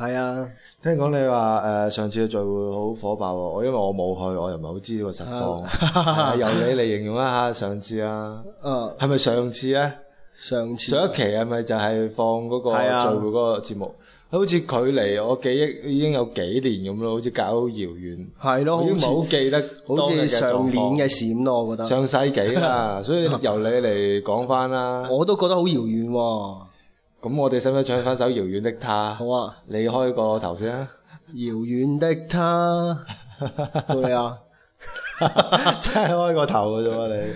係啊，聽講你話誒、呃、上次嘅聚會好火爆喎，我因為我冇去，我又唔係好知個實況，由你嚟形容一下上次啊？嗯，係咪上次啊？上次上一期係咪就係放嗰個聚會嗰個節目？啊、好似距離我記憶已經有幾年咁咯，好似隔好遙遠，係咯、啊，好似唔好記得，好似上年嘅閃咯，我覺得上世紀啦， 所以由你嚟講翻啦， 我都覺得好遙遠喎。咁我哋使唔使唱翻首《遙遠的她》？好啊你，你開個頭先啊！遙遠的她，到你啊！真係開個頭嘅啫嘛，你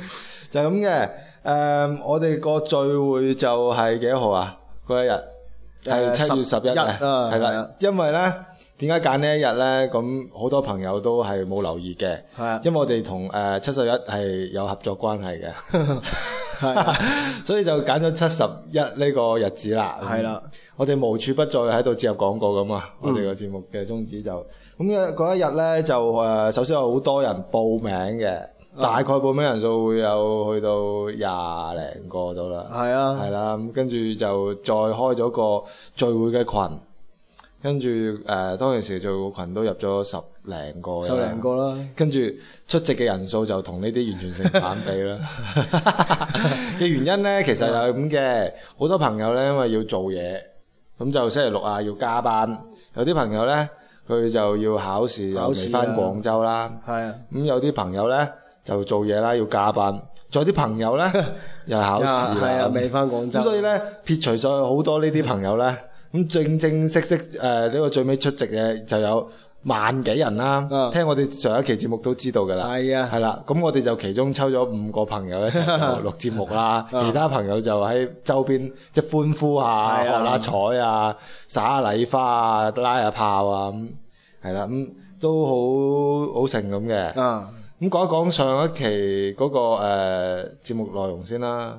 就咁嘅。誒，我哋個聚會就係幾多號啊？嗰一日係七月十一日。係啦、嗯。嗯是啊、因為咧，點解揀呢一日咧？咁好多朋友都係冇留意嘅，係。是啊、因為我哋同誒七十一係有合作關係嘅。 係， 所以就揀咗七十一呢個日子啦。係啦的，嗯、我哋無處不在喺度植入廣告咁啊！我哋個節目嘅宗旨就咁嘅，嗰一日咧，就誒，首先有好多人報名嘅，大概報名人數會有去到廿零個度啦。係啊的，係啦，咁跟住就再開咗個聚會嘅群。跟住，誒，當陣時做羣都入咗十零個，十零個啦。跟住出席嘅人數就同呢啲完全成反比啦。嘅原因咧，其實係咁嘅，好多朋友咧，因為要做嘢，咁就星期六啊要加班。有啲朋友咧，佢就要考試，又未翻廣州啦。係啊。咁有啲朋友咧就做嘢啦，要加班。仲有啲朋友咧又考試啊，未翻廣州。咁所以咧，撇除咗好多呢啲朋友咧。咁正正式式誒呢個最尾出席嘅就有萬幾人啦，uh, 聽我哋上一期節目都知道㗎啦，係啊、uh,，係啦，咁我哋就其中抽咗五個朋友一齊錄錄節目啦，uh, 其他朋友就喺周邊即係歡呼下、喝、uh, 下彩啊、灑、uh, 下禮花啊、拉下炮啊咁，係、嗯、啦，咁、嗯、都好好成咁嘅，咁講一講上一期嗰、那個誒、呃、節目內容先啦。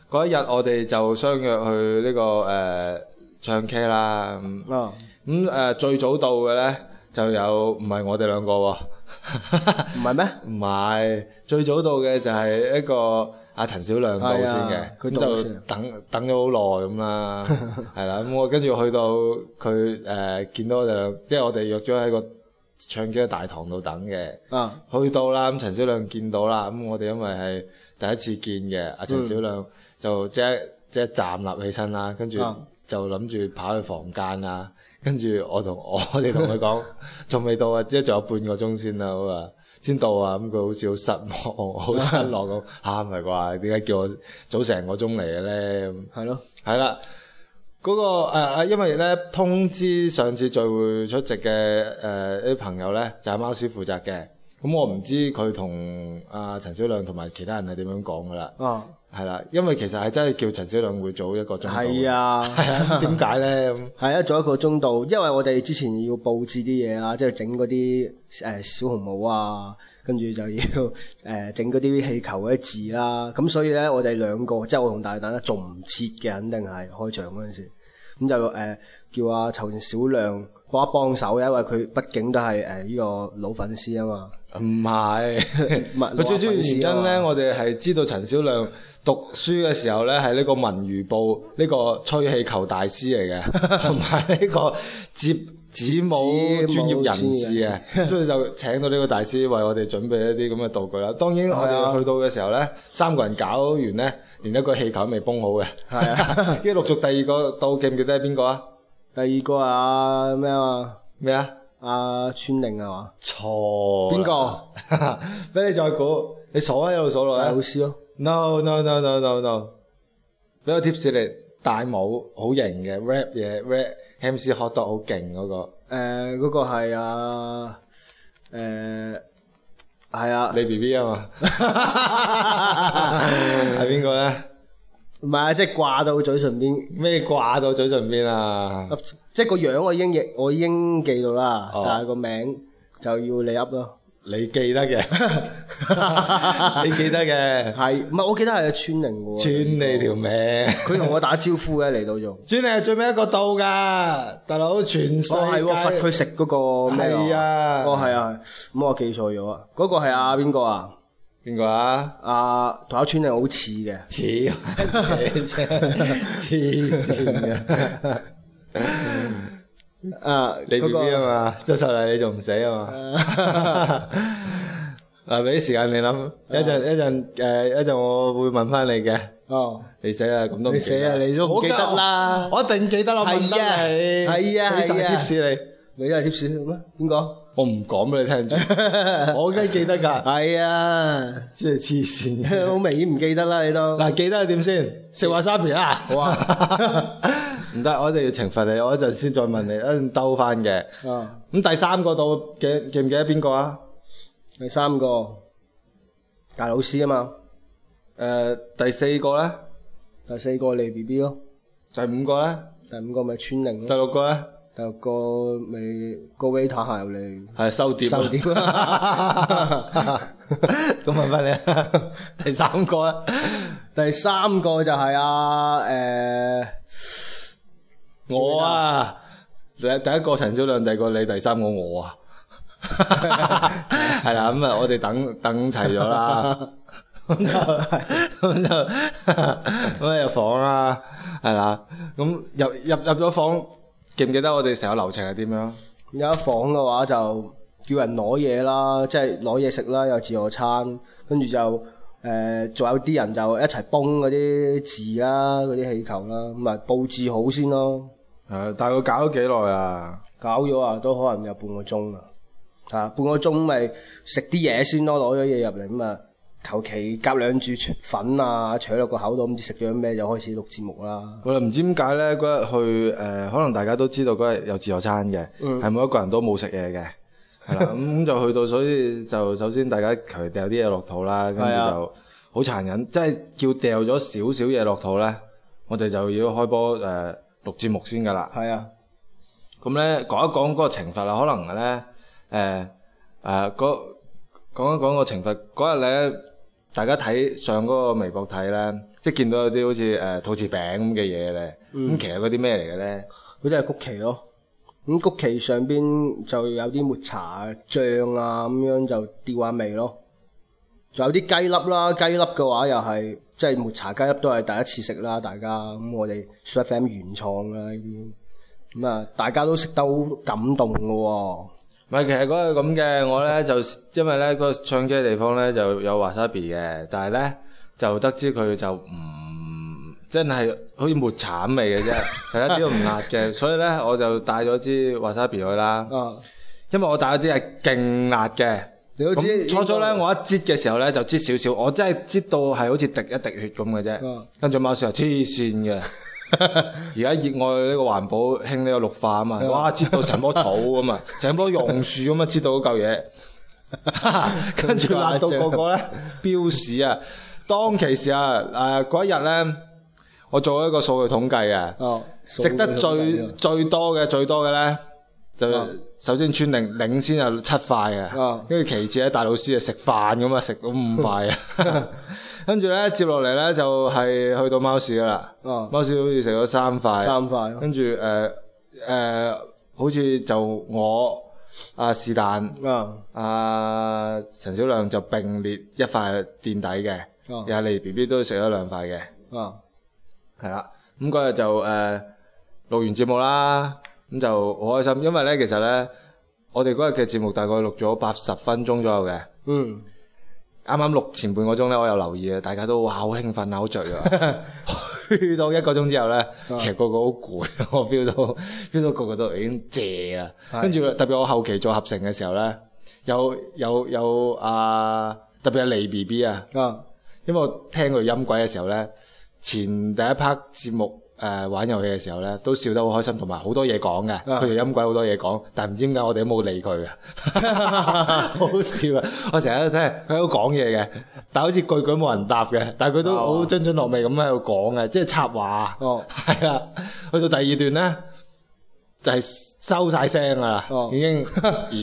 嗰一日我哋就相約去呢、這個誒、呃、唱 K 啦，咁咁、哦嗯呃、最早到嘅咧就有唔係我哋兩個喎、哦，唔係咩？唔係最早到嘅就係一個阿陳小亮到先嘅，咁、哎嗯、就等等咗好耐咁啦，係、嗯、啦，咁我跟住去到佢誒、呃、見到我哋兩，即係我哋約咗喺個唱 K 嘅大堂度等嘅，哦、去到啦，咁、嗯、陳小亮見到啦，咁、嗯、我哋因為係第一次見嘅，阿、啊、陳小亮、嗯。嗯嗯就即即一站立起身啦，跟住就諗住跑去房間啊，跟住我同我哋同佢講，仲哈哈 未到啊，即係仲有半個鐘先啦，好啊，先到啊，咁、嗯、佢好似好失望，好失落咁，吓唔係啩？點解、啊、叫我早成個鐘嚟嘅咧？係咯，係、那、啦、個，嗰個誒誒，因為咧通知上次聚會出席嘅誒啲朋友咧，就阿貓師負責嘅，咁我唔知佢同阿陳小亮同埋其他人係點樣講噶啦。啊係啦，因為其實係真係叫陳小亮會早一個鐘到。係啊的，係啊，點解咧？係啊， 早一個鐘度，因為我哋之前要布置啲嘢啦，即係整嗰啲誒小紅帽啊，跟住就要誒整嗰啲氣球嗰啲字啦、啊。咁所以咧，我哋兩個即係我同大蛋咧做唔切嘅，肯定係開場嗰陣時，咁、嗯、就誒、呃、叫阿、啊、陳小亮幫一幫手，因為佢畢竟都係誒呢個老粉絲啊嘛。唔係，佢 最主要原因咧，我哋係知道陳小亮。讀書嘅時候咧，係呢個文娛部呢個吹氣球大師嚟嘅，同埋呢個接紙帽專業人士嘅，所以就請到呢個大師為我哋準備一啲咁嘅道具啦。當然我哋去到嘅時候咧，三個人搞完咧，連一個氣球未封好嘅。係啊，跟住陸續第二個到，記唔記得係邊個啊？第二個啊，咩啊？咩啊？阿川寧啊嘛？錯，邊個？俾你再估，你數一路數落去。老師咯。no no no no no no，俾個 tips 你，戴帽好型嘅 rap 嘢 rap，MC 學得好勁嗰個。誒，嗰個係啊，誒係啊。你 B B 啊嘛？係邊個咧？唔係啊，即係掛到嘴唇邊。咩掛到嘴唇邊啊？即係個樣我已經我已經記到啦，但係個名就要你噏咯。你記得嘅， 你記得嘅，係唔係我記得係阿川寧喎？川你條命，佢 同我打招呼嘅嚟到仲。你村你係最尾一個到噶，大佬全世。哦係喎，罰佢食嗰個咩咯？哦係啊，咁、哦、我記錯咗、那個、啊，嗰個係啊邊個啊？邊個啊？阿同阿村你好似嘅，似嘅，黐線嘅。 啊，你 B B 啊嘛，周秀娜你仲唔死啊嘛？嗱，俾啲時間你諗，一陣一陣誒，一陣我會問翻你嘅。哦，你死啦，咁都年，你死啦，你都唔記得啦，我一定記得咯，係啊係啊，俾晒貼士你，你又係貼士咩？邊個？我唔講俾你聽住，我梗係記得噶。係啊，即係黐線，好明顯唔記得啦，你都嗱，記得點先？食華沙片啊，好啊！唔得，我一定要懲罰你。我一陣先再問你，一陣兜翻嘅。咁第三個到記記唔記得邊個啊？第三個大老師啊嘛。誒，第四個咧？第四個嚟 B B 咯。第五個咧？第五個咪村寧咯。第六個咧？第六個咪個威塔下嚟。係收碟。收碟。咁問翻你，第三個咧？第三個就係阿誒。我啊，第第一個陳小亮，第二個你，第三個我啊，係 啦，咁 啊，我哋等等齊咗啦，咁就咁就咁入，入，入房啦，係啦，咁入入入咗房記唔記得我哋成個流程係點樣？入房嘅話就叫人攞嘢啦，即係攞嘢食啦，有自助餐，跟住就誒，仲、呃、有啲人就一齊崩嗰啲字啦，嗰啲氣球啦，咁啊布置好先咯。係、啊，但係佢搞咗幾耐啊？搞咗啊，都可能有半個鐘啦。吓、啊，半個鐘咪食啲嘢先咯，攞咗嘢入嚟咁啊，求其夾兩注粉啊，取落個口度，唔知食咗咩就開始錄節目啦。我哋唔知點解咧，嗰日去誒、呃，可能大家都知道嗰日有自助餐嘅，係、嗯、每一個人都冇食嘢嘅，係啦咁就去到，所以就首先大家求其掉啲嘢落肚啦，跟住就好殘忍，即係叫掉咗少少嘢落肚咧，我哋就要開波誒。呃呃錄節目先噶啦，係啊，咁咧講一講嗰個懲罰啦，可能咧誒誒，講、呃啊、一講個懲罰，嗰日咧大家睇上嗰個微博睇咧，即係見到有啲好似誒、呃、吐司餅咁嘅嘢咧，咁、嗯、其實嗰啲咩嚟嘅咧？佢哋係曲奇咯，咁曲奇上邊就有啲抹茶醬啊咁樣就調下味咯，仲有啲雞粒啦，雞粒嘅話又係。即係抹茶加一都係第一次食啦，大家咁我哋 SooFM 原創啦，咁啊大家都食得好感動嘅喎、哦。唔係，其實嗰個咁嘅，我咧就因為咧、嗰個唱機嘅地方咧就有 wasabi 嘅，但係咧就得知佢就唔、嗯、真係好似抹茶味嘅啫，係一啲都唔辣嘅，所以咧我就帶咗支 wasabi 去啦。嗯，因為我帶咗支係勁辣嘅。初初咧，我一摺嘅時候咧，就摺少少，我真係摺到係好似滴一滴血咁嘅啫。啊、跟住馬上黐綫嘅。而家熱愛呢個環保，興呢個綠化啊嘛，吧哇，摺到成棵草咁啊，成 棵榕樹咁啊，摺到嗰嚿嘢。 跟住辣到個個咧標示啊，當其時啊，誒嗰一日咧，我做一個數據統計嘅，啊、食得最最多嘅最多嘅咧。就首先，川零領先有七塊嘅，跟住、啊、其次咧，大老師啊食飯咁啊，食咗五塊啊，跟住咧接落嚟咧就係、是、去到貓屎啦，啊、貓屎好似食咗三塊，三塊，跟住誒誒，好似就我阿是但，阿、啊啊啊、陳小亮就並列一塊墊底嘅，又係、啊、你 B B 都食咗兩塊嘅，係啦、啊，咁嗰日就誒錄完節目啦。咁就好開心，因為咧，其實咧，我哋嗰日嘅節目大概錄咗八十分鐘左右嘅。嗯。啱啱錄前半個鐘咧，我有留意啊，大家都哇好興奮啊，好著啊，去到一個鐘之後咧，啊、其實個個好攰，我 feel 到 feel 到個個都已經謝啦。的跟住特別我後期做合成嘅時候咧，有有有，有啊，特別係黎 B B 啊，啊，因為我聽佢音軌嘅時候咧，前第一 part 節目。誒玩遊戲嘅時候咧，都笑得好開心，同埋好多嘢講嘅。佢哋陰鬼好多嘢講，但係唔知點解我哋都冇理佢嘅。好笑啊！我成日喺度聽，佢喺度講嘢嘅，但係好似句句冇人答嘅。但係佢都好津津樂味咁喺度講嘅，即係插話。哦，係啊。去到第二段咧，就係、是、收曬聲啦，啊、已經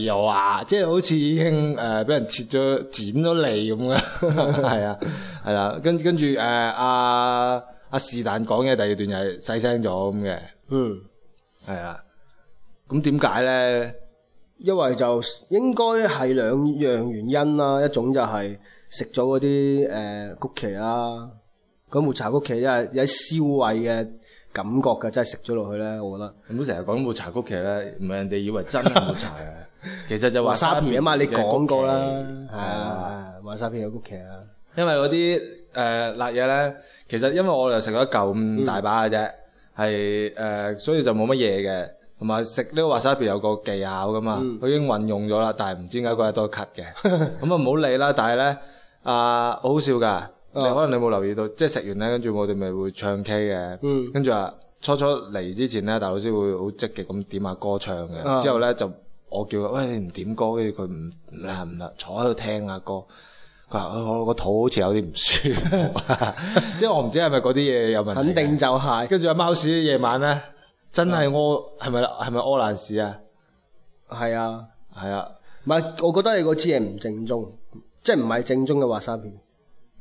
又話即係好似已經誒俾人切咗剪咗脷咁嘅。係啊，係啦、啊啊。跟跟住誒阿。啊啊阿是但講嘅第二段又係細聲咗咁嘅。嗯，係啊。咁點解咧？因為就應該係兩樣原因啦。一種就係食咗嗰啲誒曲奇啦，嗰抹茶曲奇真係有啲燒胃嘅感覺噶，真係食咗落去咧，我覺得。唔好成日講抹茶曲奇咧，唔係人哋以為真係抹茶啊。 其實就話沙皮啊嘛，你講過啦。係啊，話沙皮有曲奇啊。因為嗰啲。誒，uh, 辣嘢咧，其實因為我哋食咗一嚿咁大把嘅啫，係誒、嗯，uh, 所以就冇乜嘢嘅，同埋食呢個滑沙入邊有個技巧噶嘛，佢、嗯、已經運用咗啦，但係唔知點解嗰日多咳嘅，咁啊唔好理啦。但係咧，啊好笑噶，啊、你可能你冇留意到，即係食完咧，跟住我哋咪會唱 K 嘅，跟住、嗯、啊初初嚟之前咧，大老師會好積極咁點下歌唱嘅，啊、之後咧就我叫佢：「喂，你唔點歌，跟住佢唔唔得唔得，坐喺度聽下歌。我個肚好似有啲唔舒服，即係我唔知係咪嗰啲嘢有問題。肯定就係。跟住阿貓屎夜晚咧，嗯、真係屙，係咪啦？係咪屙爛屎啊？係是啊，係是啊，唔係，我覺得你嗰支嘢唔正宗，即係唔係正宗嘅華沙片？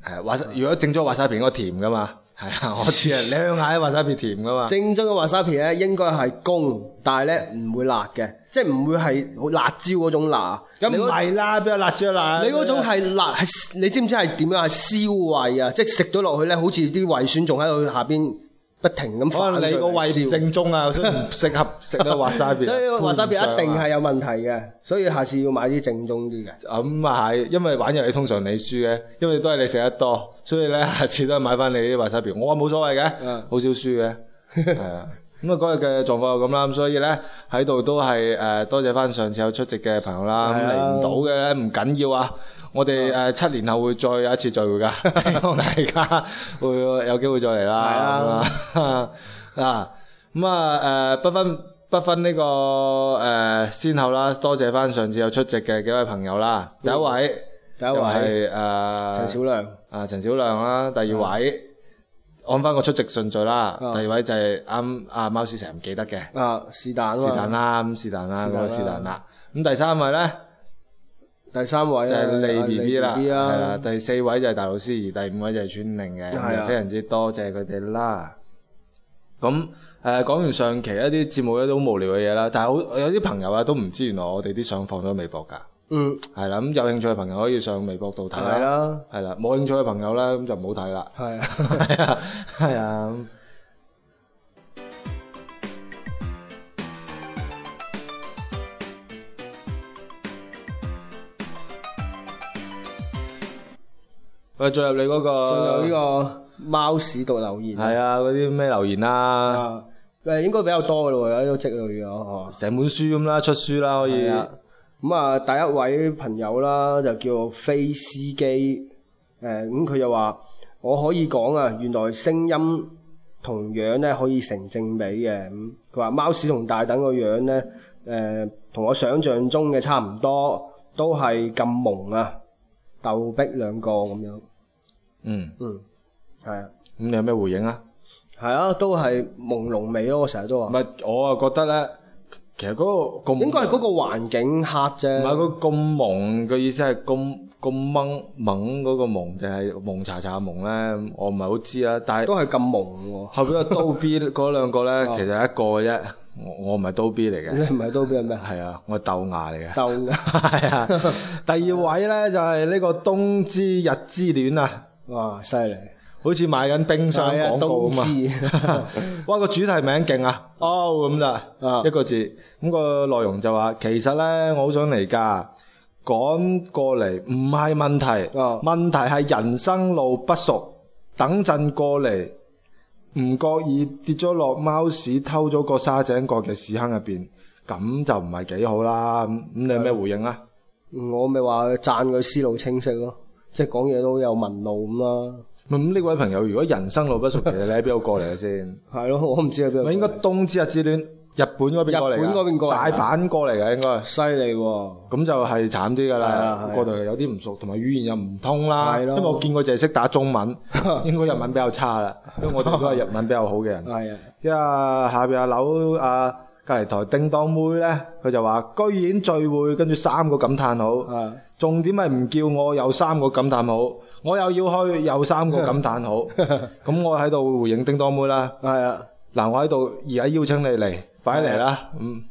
係華沙。如果正宗華沙片，應該甜㗎嘛。係啊，我知啊，你鄉下啲滑沙皮甜㗎嘛。正宗嘅滑沙皮咧，應該係公，但係咧唔會辣嘅，即係唔會係辣椒嗰種辣。咁唔係啦，邊有辣椒辣？你嗰種係辣係， 你知唔知係點樣？係燒胃啊，即係食咗落去咧，好似啲胃酸仲喺度下邊。不停咁可你個胃道正宗啊， 所以唔適合食喺華沙邊，所以華沙邊一定係有問題嘅，所以下次要買啲正宗啲嘅，嗯。咁啊係，因為玩遊戲通常你輸嘅，因為都係你食得多，所以咧下次都係買翻你啲華沙邊。我話冇所謂嘅， 好少輸嘅。咁啊嗰日嘅狀況就咁啦，咁所以咧喺度都係誒、呃、多謝翻上次有出席嘅朋友啦，咁嚟唔到嘅咧唔緊要啊。我哋誒七年後會再有一次聚會㗎，希望大家會有機會再嚟啦。係啦，啊咁啊誒，不分不分呢個誒先後啦，多謝翻上次有出席嘅幾位朋友啦。第一位就係誒陳小亮，啊陳小亮啦。第二位按翻個出席順序啦，第二位就係啱阿貓成日唔記得嘅，啊是但是但啦，咁是但啦，是但啦。咁第三位咧？第三位就係是利 B B 啦，係啦，的第四位就係大老師，而第五位就係村寧嘅，咁的非常之多謝佢哋啦。咁誒，講完上期一啲節目一啲好無聊嘅嘢啦，但係好有啲朋友啊都唔知原來我哋啲相放咗微博噶，嗯，係啦，咁有興趣嘅朋友可以上微博度睇啦，係啦的，冇興趣嘅朋友咧咁就唔好睇啦，係啊是的，係 啊。佢再入你嗰個，仲有呢個貓屎度留言，係啊，嗰啲咩留言啦，誒，應該比較多噶咯，有啲積累咗，成本書咁啦，出書啦可以。咁啊，第一位朋友啦，就叫做飛司機，誒，咁佢就話，我可以講啊，原來聲音同樣咧可以成正比嘅，咁佢話貓屎同大等個樣咧，誒，同我想象中嘅差唔多，都係咁萌啊，逗逼兩個咁樣。嗯嗯，係啊，咁你有咩回應啊？係啊，都係朦朧美咯，我成日都話。唔係，我啊覺得咧，其實嗰個咁應該係嗰個環境黑啫。唔係佢咁朦嘅意思係咁咁掹掹嗰個朦就係朦查查朦咧，我唔係好知啊，但係都係咁朦嘅。後邊個刀 B 嗰兩個咧，其實係一個嘅啫，我我唔係刀 B 嚟嘅。你唔係刀 B 係咩？係啊，我係豆芽嚟嘅。豆芽係啊。第二位咧就係呢個冬之日之戀啊。哇，犀利！好似買賣緊冰箱廣告啊嘛，冬季 哇，個主題名勁，oh, 啊，哦咁啦，啊一個字，咁，那個內容就話，其實咧我好想嚟噶，趕過嚟唔係問題，啊、問題係人生路不熟，等陣過嚟唔覺意跌咗落貓屎，偷咗個沙井角嘅屎坑入邊，咁就唔係幾好啦。咁你有咩回應啊？我咪話讚佢思路清晰咯。即係講嘢都好有文路咁啦。咁呢位朋友，如果人生路不熟，其實你喺邊度過嚟嘅先？係咯，我唔知喺邊度。應該東之日之戀，日本嗰邊過嚟。日本嗰邊過嚟，大阪過嚟嘅應該。犀利喎，咁就係慘啲㗎啦。過到嚟有啲唔熟，同埋語言又唔通啦。因為我見佢淨係識打中文，應該日文比較差啦。因為我哋都係日文比較好嘅人。係啊。一啊下邊阿柳阿隔離台叮當妹咧，佢就話居然聚會，跟住三個感嘆號。重點係唔叫我有三個感嘆號，我又要去有三個感嘆號，咁我喺度回應叮當妹啦。係啊，嗱我喺度而家邀請你嚟，快嚟啦。嗯，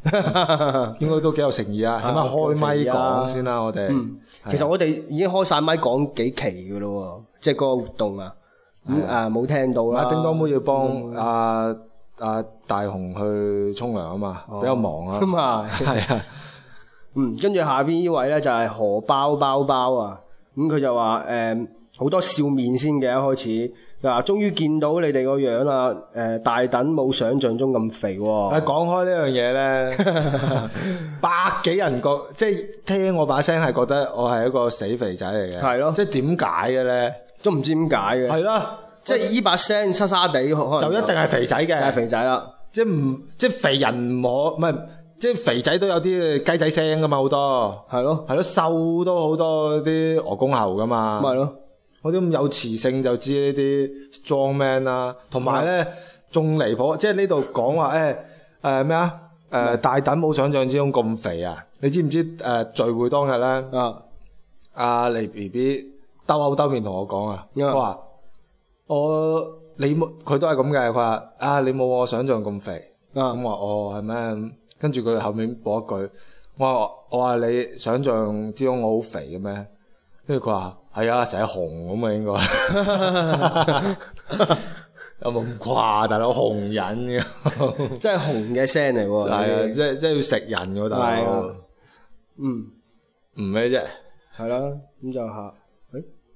應該都幾有誠意啊。係咪開咪講先啦？我哋，其實我哋已經開晒咪講幾期㗎咯，即係嗰個活動啊。咁誒冇聽到啦。叮當妹要幫阿阿大雄去沖涼啊嘛，比較忙啊。啊，係啊。嗯，跟住下邊呢位呢，就係、是、荷包包包啊，咁、嗯、佢就話誒好多笑面先嘅一開始，嗱終於見到你哋個樣啦，誒、呃、大等冇想象中咁肥喎、哦。誒講開呢樣嘢呢， 百幾人覺即係聽我把聲係覺得我係一個死肥仔嚟嘅。係咯的，即係點解嘅呢？都唔知點解嘅。係啦的，即係呢把聲沙沙地，即即就一定係肥仔嘅。就係肥仔啦，即係唔即係肥人唔係。即係肥仔都有啲雞仔聲噶嘛，好多係是咯係咯，瘦都好多啲鵝公喉噶嘛，咪是咯嗰啲咁有磁性就知呢啲 strong man 啦、啊。同埋咧仲離譜，即係呢度講話誒誒咩啊誒大膽冇想象之中咁肥啊！你知唔知誒、呃、聚會當日咧是啊，啊？阿黎 B B 兜口兜面同我講啊，是啊我話我你冇佢都係咁嘅，佢話啊你冇我想象咁肥，咁話哦係咩？哦哦跟住佢後面播一句，我我話你想象之中我好肥嘅咩？跟住佢話係啊，成日紅咁啊，應該有冇咁誇大佬紅人嘅，真係紅嘅聲嚟喎，係啊，即即要食人嘅大佬，嗯，唔咩啫？係啦，咁就嚇，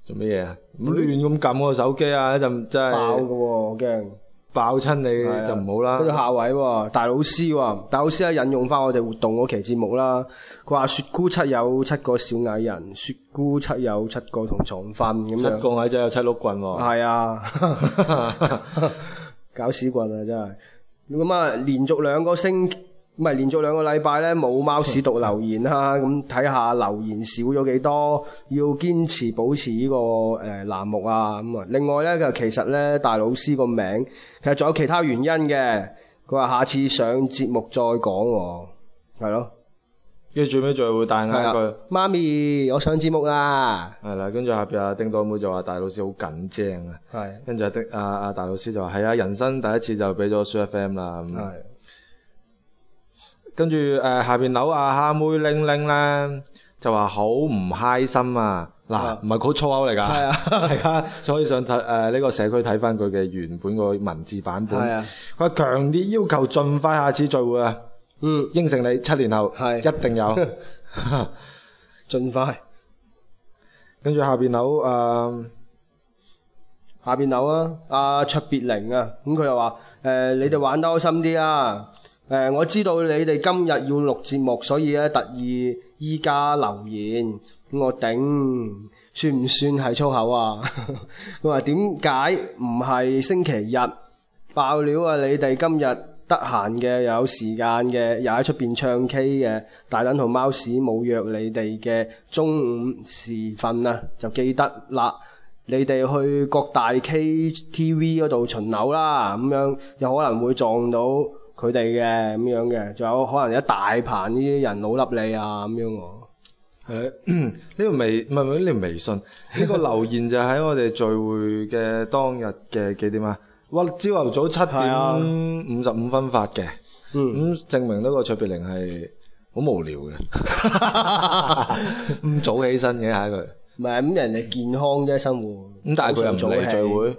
做乜嘢啊？亂咁撳個手機啊，一陣真係爆嘅喎，好 驚！ 爆親你的就唔好啦。嗰個下位喎，大老師喎，大老師咧，引用翻我哋活動嗰期節目啦。佢話雪姑七有七個小矮人，雪姑七有七個同床瞓咁樣。七個矮仔有七碌棍喎。係啊，的 搞屎棍啊真係。咁啊，連續兩個星。唔係連續兩個禮拜咧冇貓屎讀留言啦，咁睇下留言少咗幾多，要堅持保持呢個誒欄目啊。咁啊，另外咧，就其實咧大老師個名其實仲有其他原因嘅。佢話下次上節目再講喎。係咯。跟住最尾仲係會帶硬一句：媽咪，我上節目啦。係啦。跟住下邊阿叮當妹就話：大老師好緊張啊。係的。跟住阿叮阿阿大老師就話：係啊，人生第一次就俾咗 Soo FM 啦。係。跟住誒下邊樓阿蝦妹玲玲咧，就話好唔開心啊！嗱，唔係好粗口嚟㗎，大家就可以上睇誒呢個社區睇翻佢嘅原本個文字版本。佢強烈要求盡快下次聚會啊！嗯，應承你七年後一定有，盡快。跟住下邊樓誒，下邊樓啊，阿卓別玲啊，咁佢又話誒，你哋玩得開心啲啊！誒，欸、我知道你哋今日要錄節目，所以咧特意依家留言，我頂算唔算係粗口啊？佢話點解唔係星期日爆料啊？你哋今日得閒嘅有時間嘅，又喺出邊唱 K 嘅，大鈴同貓屎冇約你哋嘅中午時分啊，就記得啦。你哋去各大 K T V 嗰度巡樓啦，咁樣有可能會撞到。佢哋嘅咁樣嘅，仲有可能有一大棚呢啲人老笠你啊咁樣我。呢、 呢個微唔係呢個微信，呢 個留言就喺我哋聚會嘅當日嘅幾點啊？哇！朝頭早七點五十五分發嘅，咁、啊、證明呢個卓別玲係好無聊嘅，咁 早起身嘅係佢。唔係咁人哋健康啫生活。咁但係佢又唔嚟聚會，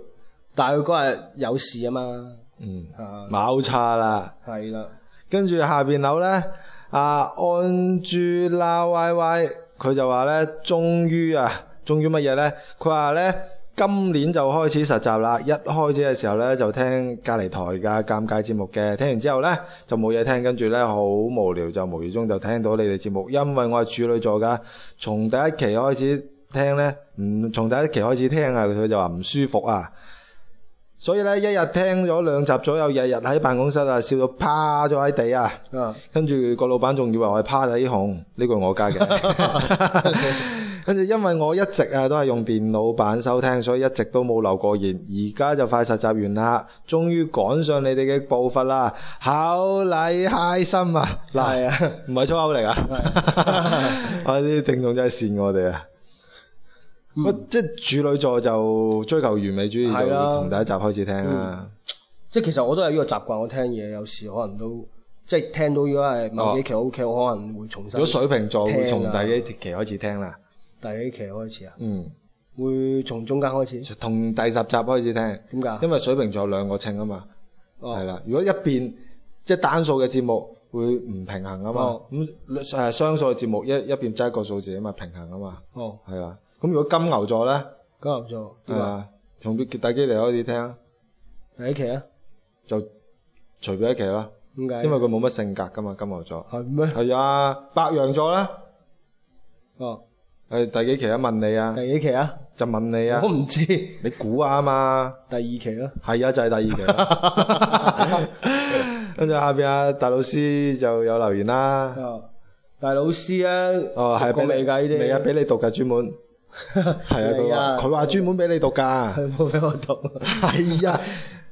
但係佢嗰日有事啊嘛。嗯，冇、嗯、差啦，係啦的，跟住下邊樓咧，阿安珠啦 Y Y，佢就話咧，終於啊，終於乜嘢咧？佢話咧，今年就開始實習啦。一開始嘅時候咧，就聽隔離台嘅尷尬節目嘅，聽完之後咧，就冇嘢聽，跟住咧好無聊就，就無意中就聽到你哋節目，因為我係處女座噶，從第一期開始聽咧，唔、嗯、從第一期開始聽啊，佢就話唔舒服啊。所以咧，一日聽咗兩集左右，日日喺辦公室啊，笑到趴咗喺地啊。跟住個老闆仲以為我係趴底紅，呢個係我家嘅。跟住 因為我一直啊都係用電腦版收聽，所以一直都冇留過言。而家就快實習完啦，終於趕上你哋嘅步伐啦。好禮開心啊！嗱，啊， 唔係粗口嚟啊，我啲聽眾真係善我哋啊！我、嗯、即係處女座就追求完美主義，就同第一集開始聽啦、啊嗯嗯。即係其實我都係呢個習慣，我聽嘢有時可能都即係聽到如果係某幾期 o、OK, k、哦、我可能會重新、啊。如果水瓶座會從第幾期開始聽啦、啊？第幾期開始啊？嗯，會從中間開始。同第十集開始聽。點解？因為水瓶座有兩個秤啊嘛，係啦、哦。如果一邊即係單數嘅節目會唔平衡啊嘛？咁誒雙數嘅節目一一邊齋個數字啊嘛，平衡啊嘛。哦，係啊。咁如果金牛座咧？金牛座，啊，從第幾期開始聽？第一期啊？就隨便一期啦。點解？因為佢冇乜性格噶嘛，金牛座。係咩？係啊，白羊座啦。哦。係第幾期啊？問你啊？第幾期啊？就問你啊？我唔知。你估啊嘛？第二期咯。係啊，就係第二期。跟住下邊啊，大老師就有留言啦。大老師啊。哦，係理解呢啲。未啊，俾你讀嘅專門。係 啊，佢話佢話專門俾你讀噶，佢冇俾我讀。係啊，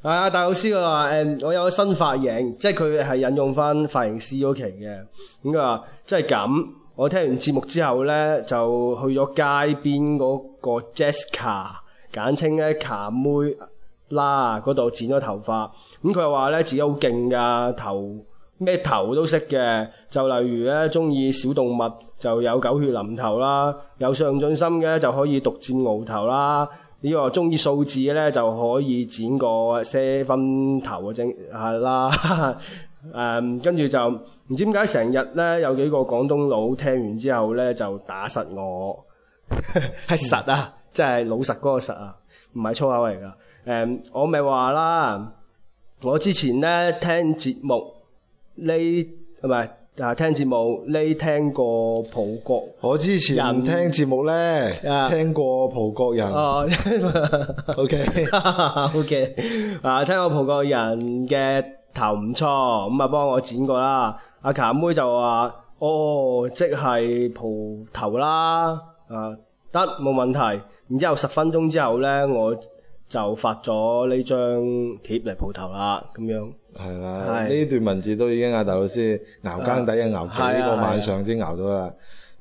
啊 大老師佢話誒，我有個新髮型，即係佢係引用翻髮型師嗰期嘅，咁佢話即係咁。我聽完節目之後咧，就去咗街邊嗰個 Jessica，簡稱咧卡妹啦嗰度剪咗頭髮。咁佢話咧自己好勁噶頭。咩頭都識嘅，就例如咧，中意小動物就有狗血淋頭啦。有上進心嘅就可以獨佔鰲頭啦。呢個中意數字嘅咧就可以剪個些分頭嘅精係啦。誒，跟住就唔知點解成日咧有幾個廣東佬聽完之後咧就打實我係 實啊，即係老實嗰個實啊，唔係粗口嚟噶。誒，我咪話啦，我之前咧聽節目。呢係咪啊？聽節目呢聽過葡國，我之前人聽節目咧、啊，聽過葡國人。O K O K，啊聽過葡國人嘅頭唔錯，咁啊幫我剪過啦。阿、啊、琴妹就話：，哦，即係葡頭啦。啊，得冇問題。然之後十分鐘之後咧，我。就發咗呢張貼嚟鋪頭啦，咁樣係啦。呢段文字都已經阿大老師熬更底啊，熬咗呢個晚上先經熬到啦，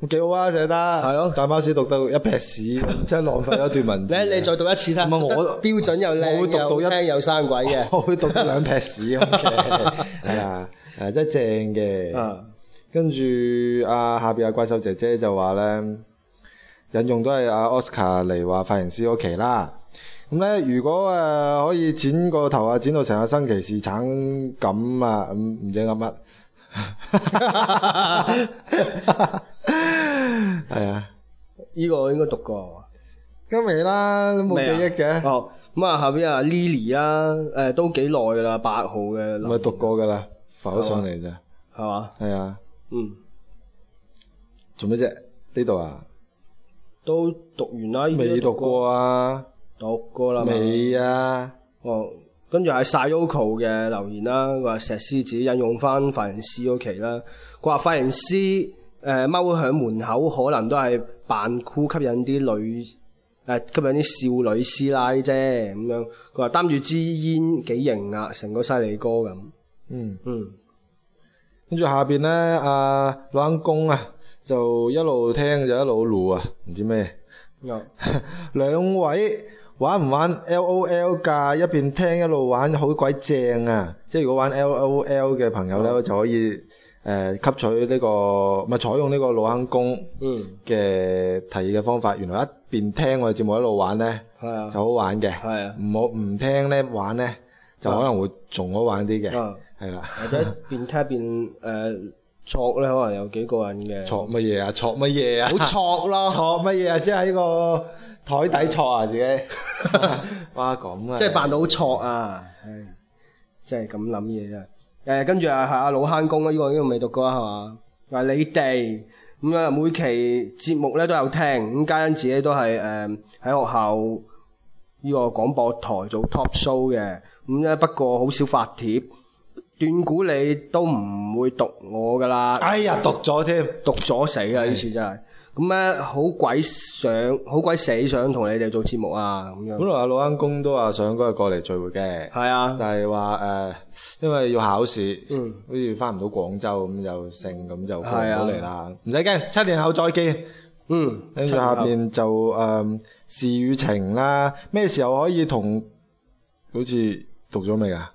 幾好啊，寫得係咯。大巴士讀到一撇屎，真係浪費咗一段文字。你再讀一次啦。唔係我標準又靚嘅，我會讀到一聽有生鬼嘅，我會讀得兩撇屎。係啊，誒真係正嘅。跟住啊，下邊阿怪獸姐姐就話咧，引用都係阿 Oscar 嚟話髮型師屋企啦。咁咧、嗯，如果誒、呃、可以剪個頭啊，剪到成個新奇士橙咁啊，唔、嗯、唔知啱乜？係啊，呢個我應該讀過，今未啦，都冇記憶嘅。哦，咁啊，下邊阿 Lily 啦，誒都幾耐噶啦，八號嘅。咪讀過噶啦，浮上嚟咋？係嘛？係啊。嗯。做咩啫？呢度啊？欸、都，讀啊都讀完啦。未讀過，過啊？讀過啦嘛？未啊！哦，跟住係晒 Uco 嘅留言啦，佢話石獅子引用翻髮型師屋企啦。佢話髮型師誒踎喺門口，可能都係扮酷吸引啲女誒、呃，吸引啲少女師奶啫咁樣。佢話擔住支煙幾型啊，成個犀利哥咁。嗯嗯，跟住、嗯、下邊咧，阿、啊、老公啊，就一路聽就一路聊啊，唔知咩？有兩、嗯、 位。玩唔玩 L O L 噶？一邊聽一路玩，好鬼正啊！即係如果玩 L O L 嘅朋友咧，就可以誒吸取呢個，咪採用呢個老坑公嘅提議嘅方法。原來一邊聽我哋節目一路玩咧，就好玩嘅。唔好唔聽咧玩咧，就可能會仲好玩啲嘅。係啦，或者一邊聽一邊誒挫咧，可能有幾個人嘅挫乜嘢啊？挫乜嘢啊？好挫咯！挫乜嘢啊？即係呢個。台底坐啊自己，哇咁啊，即係扮到好錯啊，唉，真係咁諗嘢啊！誒，跟住啊，阿老坑公啊，依個依個未讀過啊，係嘛？嗱，你哋咁啊，每期節目咧都有聽，咁嘉欣自己都係誒喺學校依個廣播台做 top show 嘅，咁咧不過好少發帖。斷估你都唔會讀我噶啦，哎呀，讀咗添，讀咗死啊！依次真係。咁咧好鬼想，好鬼死想同你哋做節目啊！咁樣，本來阿老恩公都話想嗰日過嚟聚會嘅，係啊，但係話誒，因為要考試，嗯，好似翻唔到廣州咁，又剩咁就過唔到嚟啦。唔使驚，七年後再見。嗯，跟住下面就誒、呃、事與情啦，咩時候可以同？好似讀咗未啊？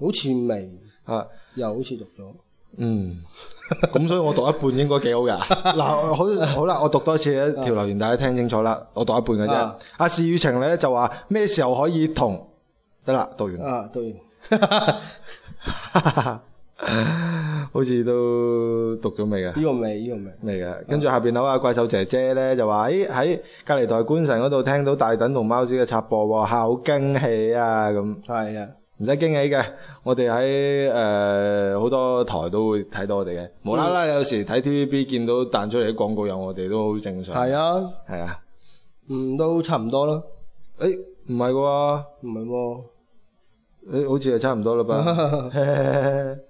好似未啊？又好似讀咗，嗯。咁 所以我讀一半應該幾好噶。嗱，好好啦，我讀多一次一條留言，大家聽清楚啦，我讀一半嘅啫。阿史雨晴咧就話咩時候可以同。得啦，讀完，啊，讀完， 好似都讀咗未噶？呢個未，呢、這個未，未嘅。啊、跟住下邊有啊怪獸姐姐咧就話，咦、欸、喺隔籬台官神嗰度聽到大等同貓子嘅插播喎，好驚喜啊咁，係啊。唔使驚喜嘅，我哋喺誒好多台都會睇到我哋嘅，無啦啦有時睇 TVB 見到彈出嚟嘅廣告有我哋都好正常。係啊，係啊，嗯，都差唔多啦。誒、欸，唔係喎，唔係喎，誒、欸，好似係差唔多啦噃。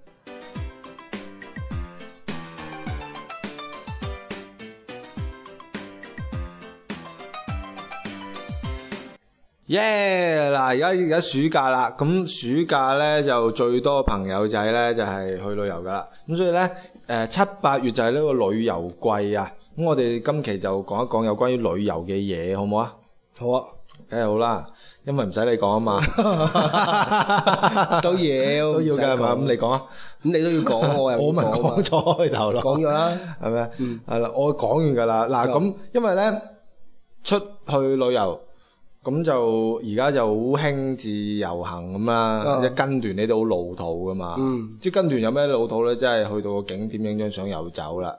耶！嗱，而家而家暑假啦，咁暑假咧就最多朋友仔咧就係去旅遊噶啦。咁所以咧，誒七八月就係呢個旅遊季啊。咁我哋今期就講一講有關於旅遊嘅嘢，好唔好啊？好啊，梗係好啦，因為唔使你講啊嘛，都要都要㗎嘛。咁你講啊，咁你都要講，我又講，我咪講咗開頭咯，講咗啦，係咪啊？係啦，我講完㗎啦。嗱，咁因為咧出去旅遊。咁就而家就好興自由行咁啦，即跟團呢啲好老土㗎嘛。嗯，即係跟團有咩老土咧？即係去到個景點影張相又走啦，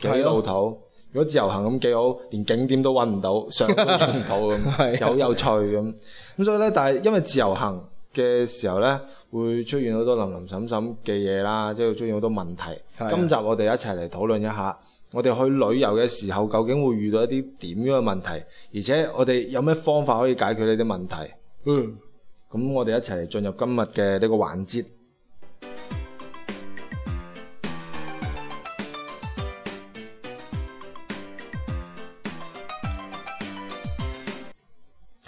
幾老土。如果自由行咁幾好，連景點都揾唔到，相都唔到咁，又好 的有，有趣咁。咁的所以咧，但係因為自由行嘅時候咧，會出現好多林林沈沈嘅嘢啦，即係會出現好多問題。的今集我哋一齊嚟討論一下。我哋去旅遊嘅時候，究竟會遇到一啲點樣嘅問題？而且我哋有咩方法可以解決呢啲問題？嗯，咁我哋一齊進入今日嘅呢個環節。嗯。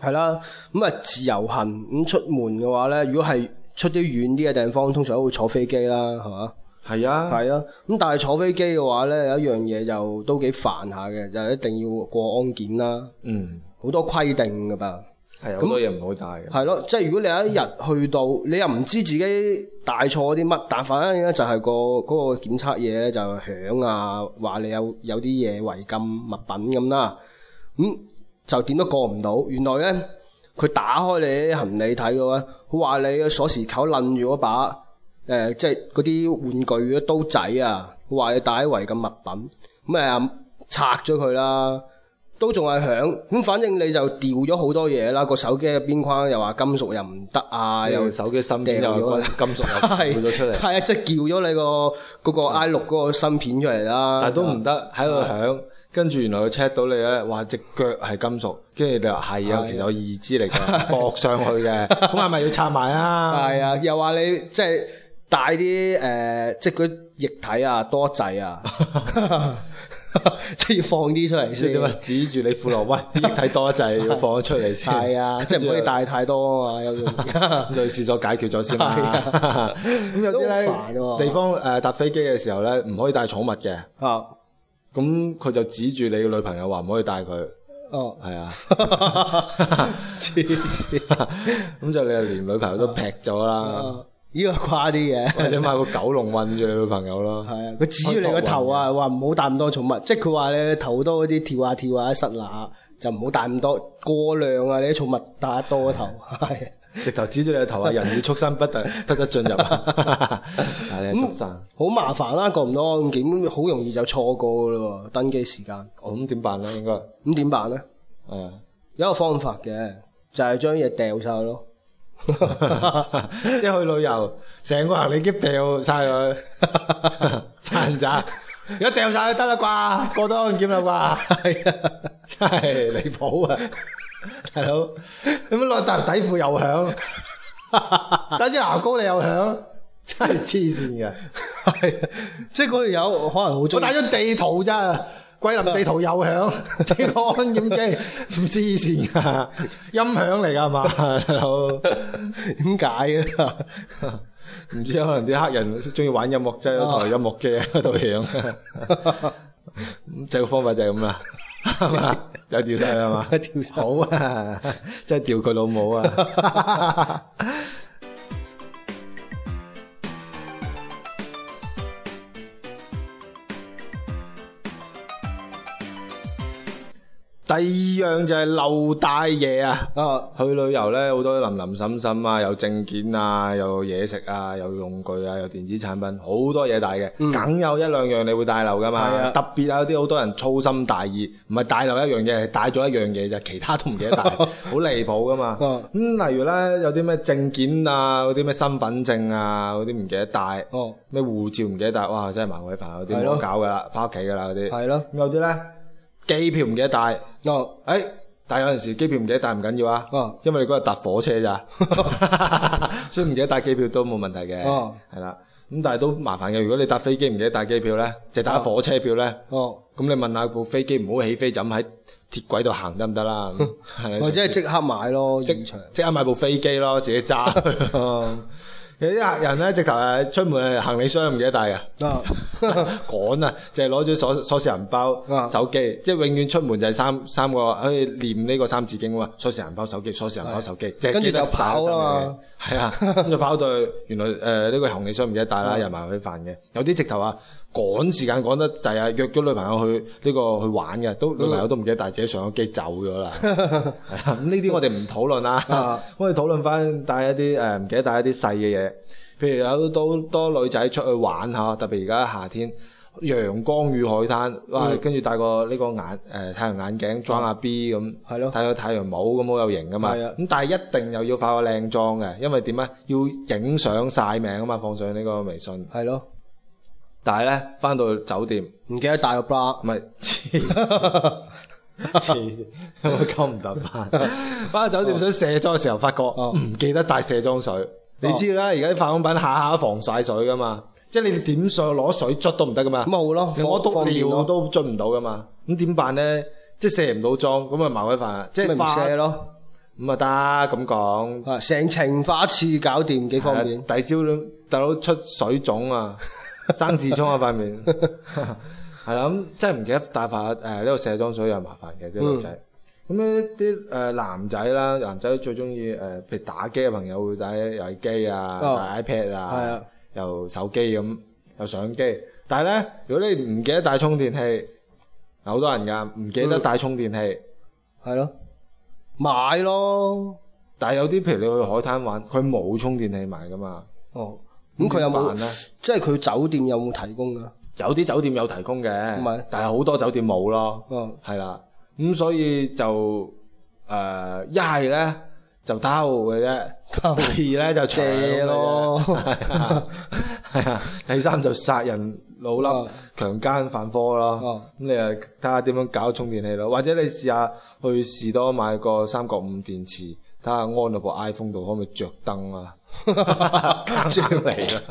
係啦，咁啊自由行咁出門嘅話咧，如果係出啲遠啲嘅地方，通常都會坐飛機啦，係嘛？係是啊，啊，係咯。咁但係坐飛機嘅話呢，有一樣嘢就都幾煩下嘅，就是、一定要過安檢啦。嗯，好多規定噶吧。係好、啊、那多嘢唔可以帶嘅。係咯，即係如果你有一日去到，你又唔知自己帶錯啲乜，但反而咧就係、那個嗰、那個檢測嘢就響啊，話你有有啲嘢違禁物品咁啦。咁、嗯、就點都過唔到。原來呢，佢打開你行李睇嘅話，佢話你嘅鎖匙扣擰住咗把。誒，即係嗰啲玩具、刀仔啊，話你帶一圍嘅物品，咁啊拆咗佢啦，都仲係響，咁反正你就掉咗好多嘢啦。個手機嘅邊框又話金屬又唔得啊，又手機芯片又金金屬又咗出嚟，係啊，即係掉咗你個嗰個 I 六嗰個芯片出嚟啦。但係都唔得，喺度響，跟住原來佢 check 到你咧，話，隻腳係金屬，跟住你話係啊，其實有意支嚟嘅，駁上去嘅，咁係咪要拆埋啊？係啊，又話你即係。帶啲，誒，即係佢液體啊，多滯啊， 即係要放啲出嚟先㗎嘛。指住你富羅威，液體多滯要放咗出嚟先。係啊，即係唔可以帶太多啊嘛。咁 就試咗解決咗先咁有啲咧、啊，地方誒，搭飛機嘅時候咧，唔可以帶寵物嘅。啊，咁佢就指住你嘅女朋友話唔可以帶佢。哦，係啊，黐 線病、啊。咁 就你又連女朋友都劈咗啦。啊呢個誇啲嘅，你買個狗籠困住你女朋友咯。 係啊，佢指住你個頭啊，話唔好帶咁多寵物，即係佢話咧頭多啲跳下、啊、跳下失拿，就唔好帶咁多，過量啊！你啲寵物帶得多個頭，係。直頭指住你個頭啊！人要畜生不得進入，不得進入啊！咁好麻煩啦，過唔多咁點，好容易就錯過噶咯，登機時間。哦，咁點辦咧？應該咁點辦咧？誒， 有一個方法嘅，就係將嘢掉晒咯。 即係去旅遊，成個行李篋掉晒佢，犯咋？如 果掉晒就得啦啩，過多安檢啦啩？係 啊，真係離譜啊，大佬，咁樣落大底褲又響，帶 支牙膏你又響，真係黐線嘅。係、 啊，即係嗰條友可能好中。我帶咗地圖咋？桂林地圖又響，呢、這個安檢機唔知以前啊音響嚟噶係嘛？點解嘅？唔 知可能啲黑人中意玩音樂，即係、啊、一台音樂機喺度響。咁製作方法就係咁啦，係嘛？ 有調戲係嘛？調手 吊心 啊，即係調佢老母啊！ 第二樣就係漏帶嘢啊！啊，去旅遊咧，好多林林沈沈啊，有證件啊，有嘢食啊，有用具啊，有電子產品，好多嘢帶嘅，梗有一兩樣你會帶漏噶嘛？特別啊，有啲好多人粗心大意，唔係帶漏一樣嘢，帶咗一樣嘢就其他都唔記得帶，好離譜噶嘛！咁例如咧，有啲咩證件啊，嗰啲咩身份證啊，嗰啲唔記得帶，咩護照唔記得帶，哇，真係麻鬼煩，有啲搞噶啦，翻屋企噶啦嗰啲，係咯。咁有啲咧。機票唔記得帶哦，誒，但係有陣時機票唔記得帶唔緊要啊，哦，因為你嗰日搭火車咋，所以唔記得帶機票都冇問題嘅，哦，係啦，咁但係都麻煩嘅。如果你搭飛機唔記得帶機票咧，就搭火車票咧，哦，咁你問下部飛機唔好起飛就咁喺鐵軌度行得唔得啦？或者係即刻買咯，即即刻買部飛機咯，自己揸。有啲客人咧，直頭誒出門行李箱唔記得帶啊趕啊，淨係攞住鎖鎖匙銀包， 手機，即係永遠出門就係三三個，可以念呢個三字經啊嘛，鎖匙銀包手機，鎖匙銀包手機，的即記得跟住就跑啊，係啊，跟住跑到去， 原來誒呢、呃這個行李箱唔記得帶啦，又埋佢犯嘅，有啲直頭話。趕時間趕得就係約咗女朋友去呢、這個去玩嘅，都女朋友都唔記得帶自己上咗機走咗啦。係啊，咁呢啲我哋唔討論啦。 我哋討論翻帶一啲誒唔記得帶一啲細嘅嘢，譬如有都多，多女仔出去玩嚇，特別而家夏天陽光與海灘，嗯、哇！跟住戴個呢個眼誒、呃、太陽眼鏡裝下、啊、B 咁，係咯，戴個太陽帽咁好有型㗎嘛。咁的但係一定又要化個靚妝嘅，因為點啊？要影相晒命啊嘛，放上呢個微信係咯。但係咧，翻到酒店唔記得帶個 bra，唔係黐，黐，咁唔得吧？翻到酒店想卸妝嘅時候，發覺唔記得帶卸妝水。你知啦，而家啲化妝品下下都防曬水噶嘛，即係你哋點上攞水捽都唔得噶嘛。冇咪好咯，連我尿都捽唔到噶嘛。咁點辦咧？即係卸唔到妝，咁啊麻鬼煩啦。即係唔卸咯，咁啊得咁講。啊，成程化一次搞掂幾方便。第二朝大佬出水腫啊！ 生痔瘡啊塊面，係啦，咁真係唔記得帶發誒呢個卸妝水又麻煩嘅啲女仔，咁呢啲誒男仔啦，男仔最中意誒，譬如打機嘅朋友會帶遊戲機啊，帶 iPad 啊，oh，又手機咁，又相機。但係咧，如果你唔記得帶充電器，好多人噶，唔記得帶充電器，係咯、mm，買、hmm。咯。但係有啲譬如你去海灘玩，佢冇充電器賣噶嘛。哦。Oh. 咁佢有冇？即係佢酒店有冇提供噶？有啲酒店有提供嘅，但係好多酒店冇咯。哦，係啦。咁所以就誒一係咧就偷嘅啫，二咧就借咯，係啊。第三就殺人老笠、強姦犯科咯。咁你啊睇下點樣搞充電器咯，或者你試下去士多買個三角五電池。睇下安落部 iPhone 度可唔可以著燈啊？簡單嚟啦，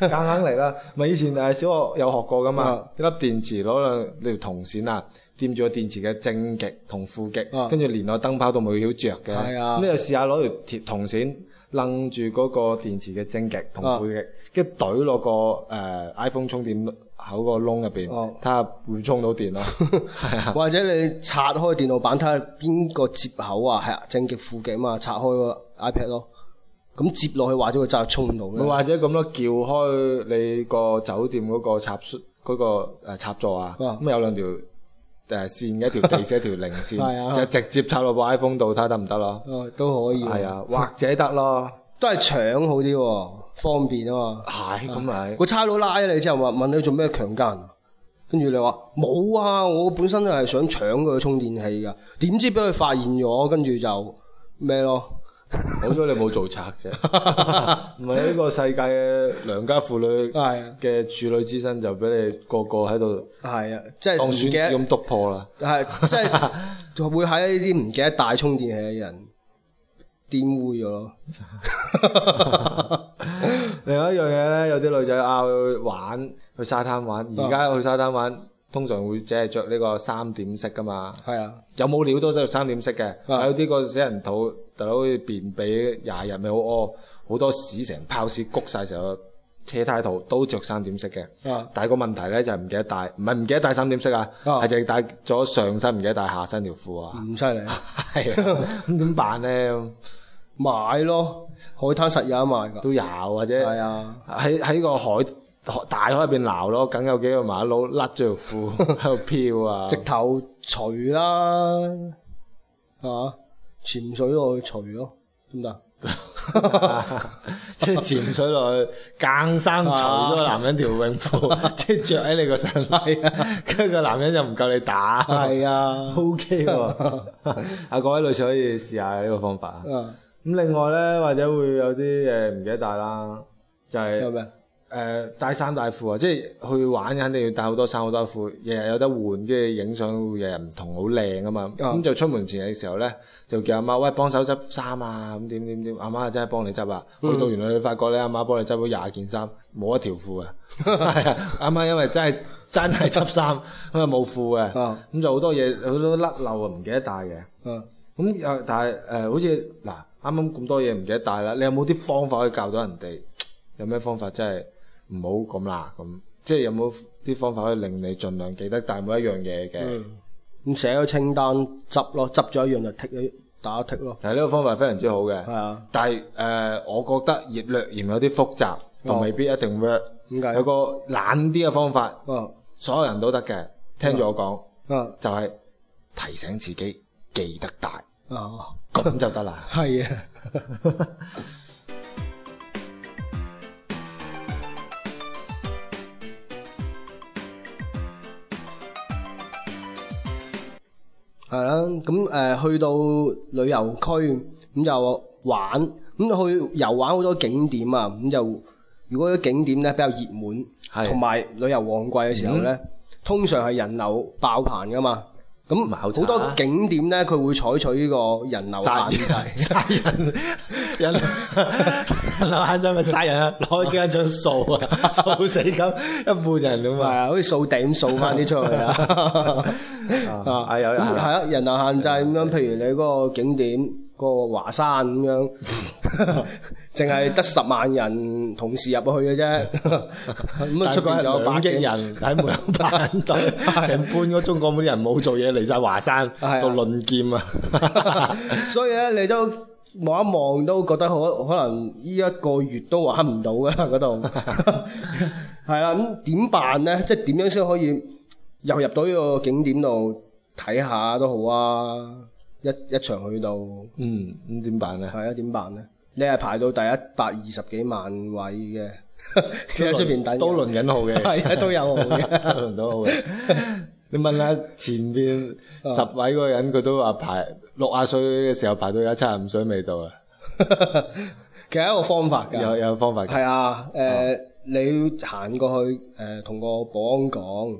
簡單嚟啦。咪以前誒小學有學過噶嘛？一粒電池攞兩條銅線啊，掂住個電池嘅正極同負極，跟住連個燈泡都冇曉著嘅。咁你又試下攞條鐵銅線楞住嗰個電池嘅正極同負極，跟住懟落個誒 iPhone 充電口個窿入邊，睇下、哦、會充到電咯。 啊、或者你拆開電腦板，睇下邊個接口啊，係啊，正極負極啊嘛，拆開個 iPad 咯。咁接落去或者佢真係充到咩？或者咁咯，撬開你個酒店嗰個插栓嗰、嗰個、插座啊，咁、啊、有兩條誒線，啊、一條地線 一條零線，就、啊、直接插落部 iPhone 度睇下得唔得咯？都可以、啊。係啊、哎，或者得咯， 都係搶好啲喎。方便啊嘛，係咁咪，個差佬拉你之後話，問你做咩強姦，跟住你話冇啊，我本身係想搶佢充電器噶點知俾佢發現咗，跟住就咩咯？ 好彩你冇做賊啫，唔係呢個世界嘅良家婦女係嘅處女之身就俾你個個喺度係啊，即係當宣紙咁篤破啦，係 即係會喺呢啲唔記得帶充電器嘅人。玷污咗咯，瘋 另外一樣嘢咧，有啲女仔啊會去玩，去沙灘玩。而家去沙灘玩，通常會只係着呢個三點式噶嘛。係啊，有冇料都都係三點式嘅。啊、有啲個死人肚，大佬好似便秘廿日咪好屙，好多屎成泡屎，谷晒成個。赤太圖都着三點式嘅，啊、但係個問題咧就係、是、唔記得帶，唔係唔記得帶三點式啊，係淨係帶咗上身，唔記得帶下身條褲啊。唔犀利，係咁點辦咧？買咯，海灘實有得賣都有或者係啊。喺喺、啊啊、個海大海入邊撈咯，梗有幾個馬騮甩咗條褲喺度飄啊。 直頭除啦，啊！潛水我去除咯，得唔得？ 即係潛水落去，硬生除咗個男人條泳褲， 即係着喺你個身上，跟住 個男人又唔夠你打，係啊，O K 喎，阿 各位女士可以試下呢個方法啊。咁 另外咧，或者會有啲誒唔記得帶啦，就係、是。誒帶衫帶褲啊！即係去玩肯定要帶好多衫好多褲，日日有得換，跟住影相日日唔同，好靚啊嘛！咁、啊、就出門前嘅時候咧，就叫阿媽喂幫手執衫啊！咁點點點，阿媽真係幫你執啊！去到原來你發覺媽媽幫你阿媽幫你執到廿件衫，冇一條褲嘅。係啊，阿媽 因為真係真係執衫，佢冇 褲嘅。咁就好多嘢好多甩漏啊，唔、啊、記得帶嘅。咁又、嗯嗯、但係誒、呃呃，好似嗱啱啱咁多嘢唔記得帶啦。你有冇啲方法可以教到人哋？有咩方法真係？唔好咁啦，咁即係有冇啲方法可以令你儘量記得帶每一樣嘢嘅？咁、嗯、寫咗清單執咯，執咗一樣就剔，打剔咯。但係呢個方法非常之好嘅。係啊，但係誒、呃，我覺得略嫌有啲複雜，同未必一定 work。點解、哦？有個懶啲嘅方法，嗯、哦，所有人都得嘅，聽住我講，嗯、哦，就係提醒自己記得帶，哦，咁、哦、 就得啦。係啊。係啦，咁誒、呃、去到旅遊區，咁就玩，咁去遊玩好多景點啊，咁就如果啲景點咧比較熱門，同埋的旅遊旺季嘅時候咧，嗯、通常係人流爆棚噶嘛。咁好多景點咧，佢會採取呢個人流限制，殺人 人流限制咪殺人啊！攞幾多張掃啊，掃死咁一半人 數點賣啊？好似掃地咁掃翻啲出去啊！啊，係、哎、啊，係、哎、啊，人流限制咁樣，譬、哎、呦如你嗰個景點。個華山咁樣，淨係得十萬人同時入去嘅啫。咁啊，出鬼係兩百人喺門口排隊，成半個中國嗰啲人冇做嘢嚟曬華山度論劍啊！所以咧你就望一望都覺得可可能呢一個月都玩唔到噶啦嗰度。係啦，咁點辦咧？即係點樣先可以又入到呢個景點度睇下都好啊！一一場去到，嗯，咁、嗯、點辦咧？係啊，點辦咧？你係排到第一百二十幾萬位嘅，其實喺出邊等都輪緊號嘅，係都有，都輪到嘅。你問下前邊十位嗰人，佢、嗯、都話排六啊歲嘅時候排到一七十五歲未到啊。 其實一個方法㗎，有有方法，係啊，誒、呃，哦、你要行過去誒，同、呃、個保安講。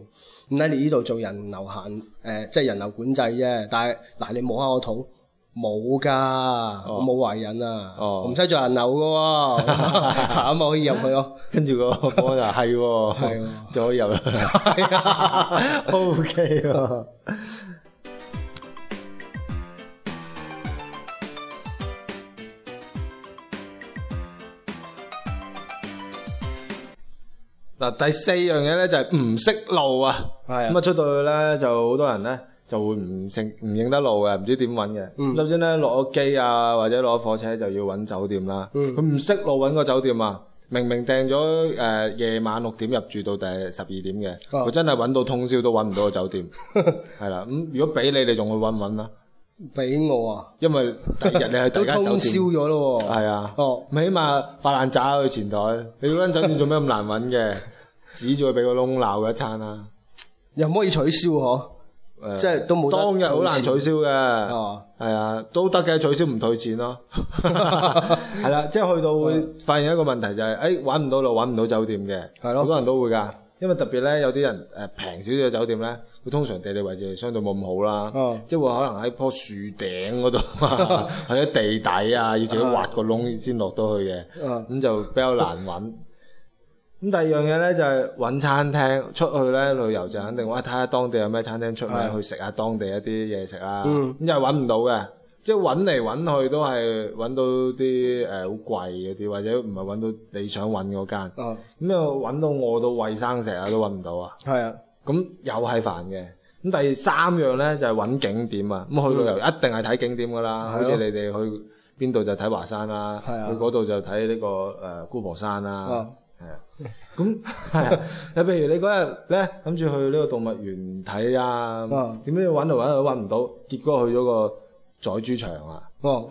唔喺你呢度做人流限，誒、呃、即係人流管制啫。但係嗱，你摸下我肚，冇㗎，哦、我冇懷孕啊，哦、我唔使做人流嘅喎、哦，咁咪、 嗯、可以入去咯。跟住個保安就係，係，就可以入啦。O K 啊。嗱，第四樣嘢咧就係唔識路啊，咁啊的出到去咧就好多人咧就會唔識唔認得路嘅，唔知點揾嘅。嗯、首先算咧，首先咧落咗機啊或者落咗火車就要揾酒店啦。嗯，佢唔識路揾個酒店啊，明明訂咗誒、呃、夜晚六點入住到第十二點嘅，佢、啊、真係揾到通宵都揾唔到個酒店。係啦， 咁如果俾你，你仲會揾唔揾啊？俾我啊！因為第日你去大家都通宵咗咯，係啊，哦，咪起碼發爛渣去前台，你嗰間酒店做咩咁難揾嘅？指住佢俾個窿鬧一餐啊，又唔可以取消呵？即係都冇當日好難取消嘅，係啊，都得嘅取消唔退錢咯，係啦，即係去到會發現一個問題就係，誒揾唔到路揾唔到酒店嘅，好多人都會㗎。因為特別咧，有啲人誒平少少嘅酒店咧，佢通常地理位置相對冇咁好啦，uh. 即係會可能喺樖樹頂嗰度， 或者地底啊，要自己挖個窿先落到去嘅，咁、uh. 就比較難揾。咁、uh. 第二樣嘢咧就係、是、揾餐廳，出去咧旅遊就肯定，哇！睇下當地有咩餐廳出名，uh. 去食下當地一啲嘢食啦、啊，咁又揾唔到嘅。即係揾嚟，揾去都係揾到啲誒好貴嗰啲，或者唔係揾到你想揾嗰間。咁又揾到我到衛生成日都揾唔到啊。係啊，咁又係煩嘅。咁第三樣咧就係揾景點啊。咁去旅遊一定係睇景點噶啦，好似你哋去邊度就睇華山啦，去嗰度就睇呢個誒姑婆山啦。係啊，咁啊譬如你嗰日咧諗住去呢個動物園睇啊，點樣要揾嚟揾去揾唔到，結果去咗個。宰豬場啊！哦，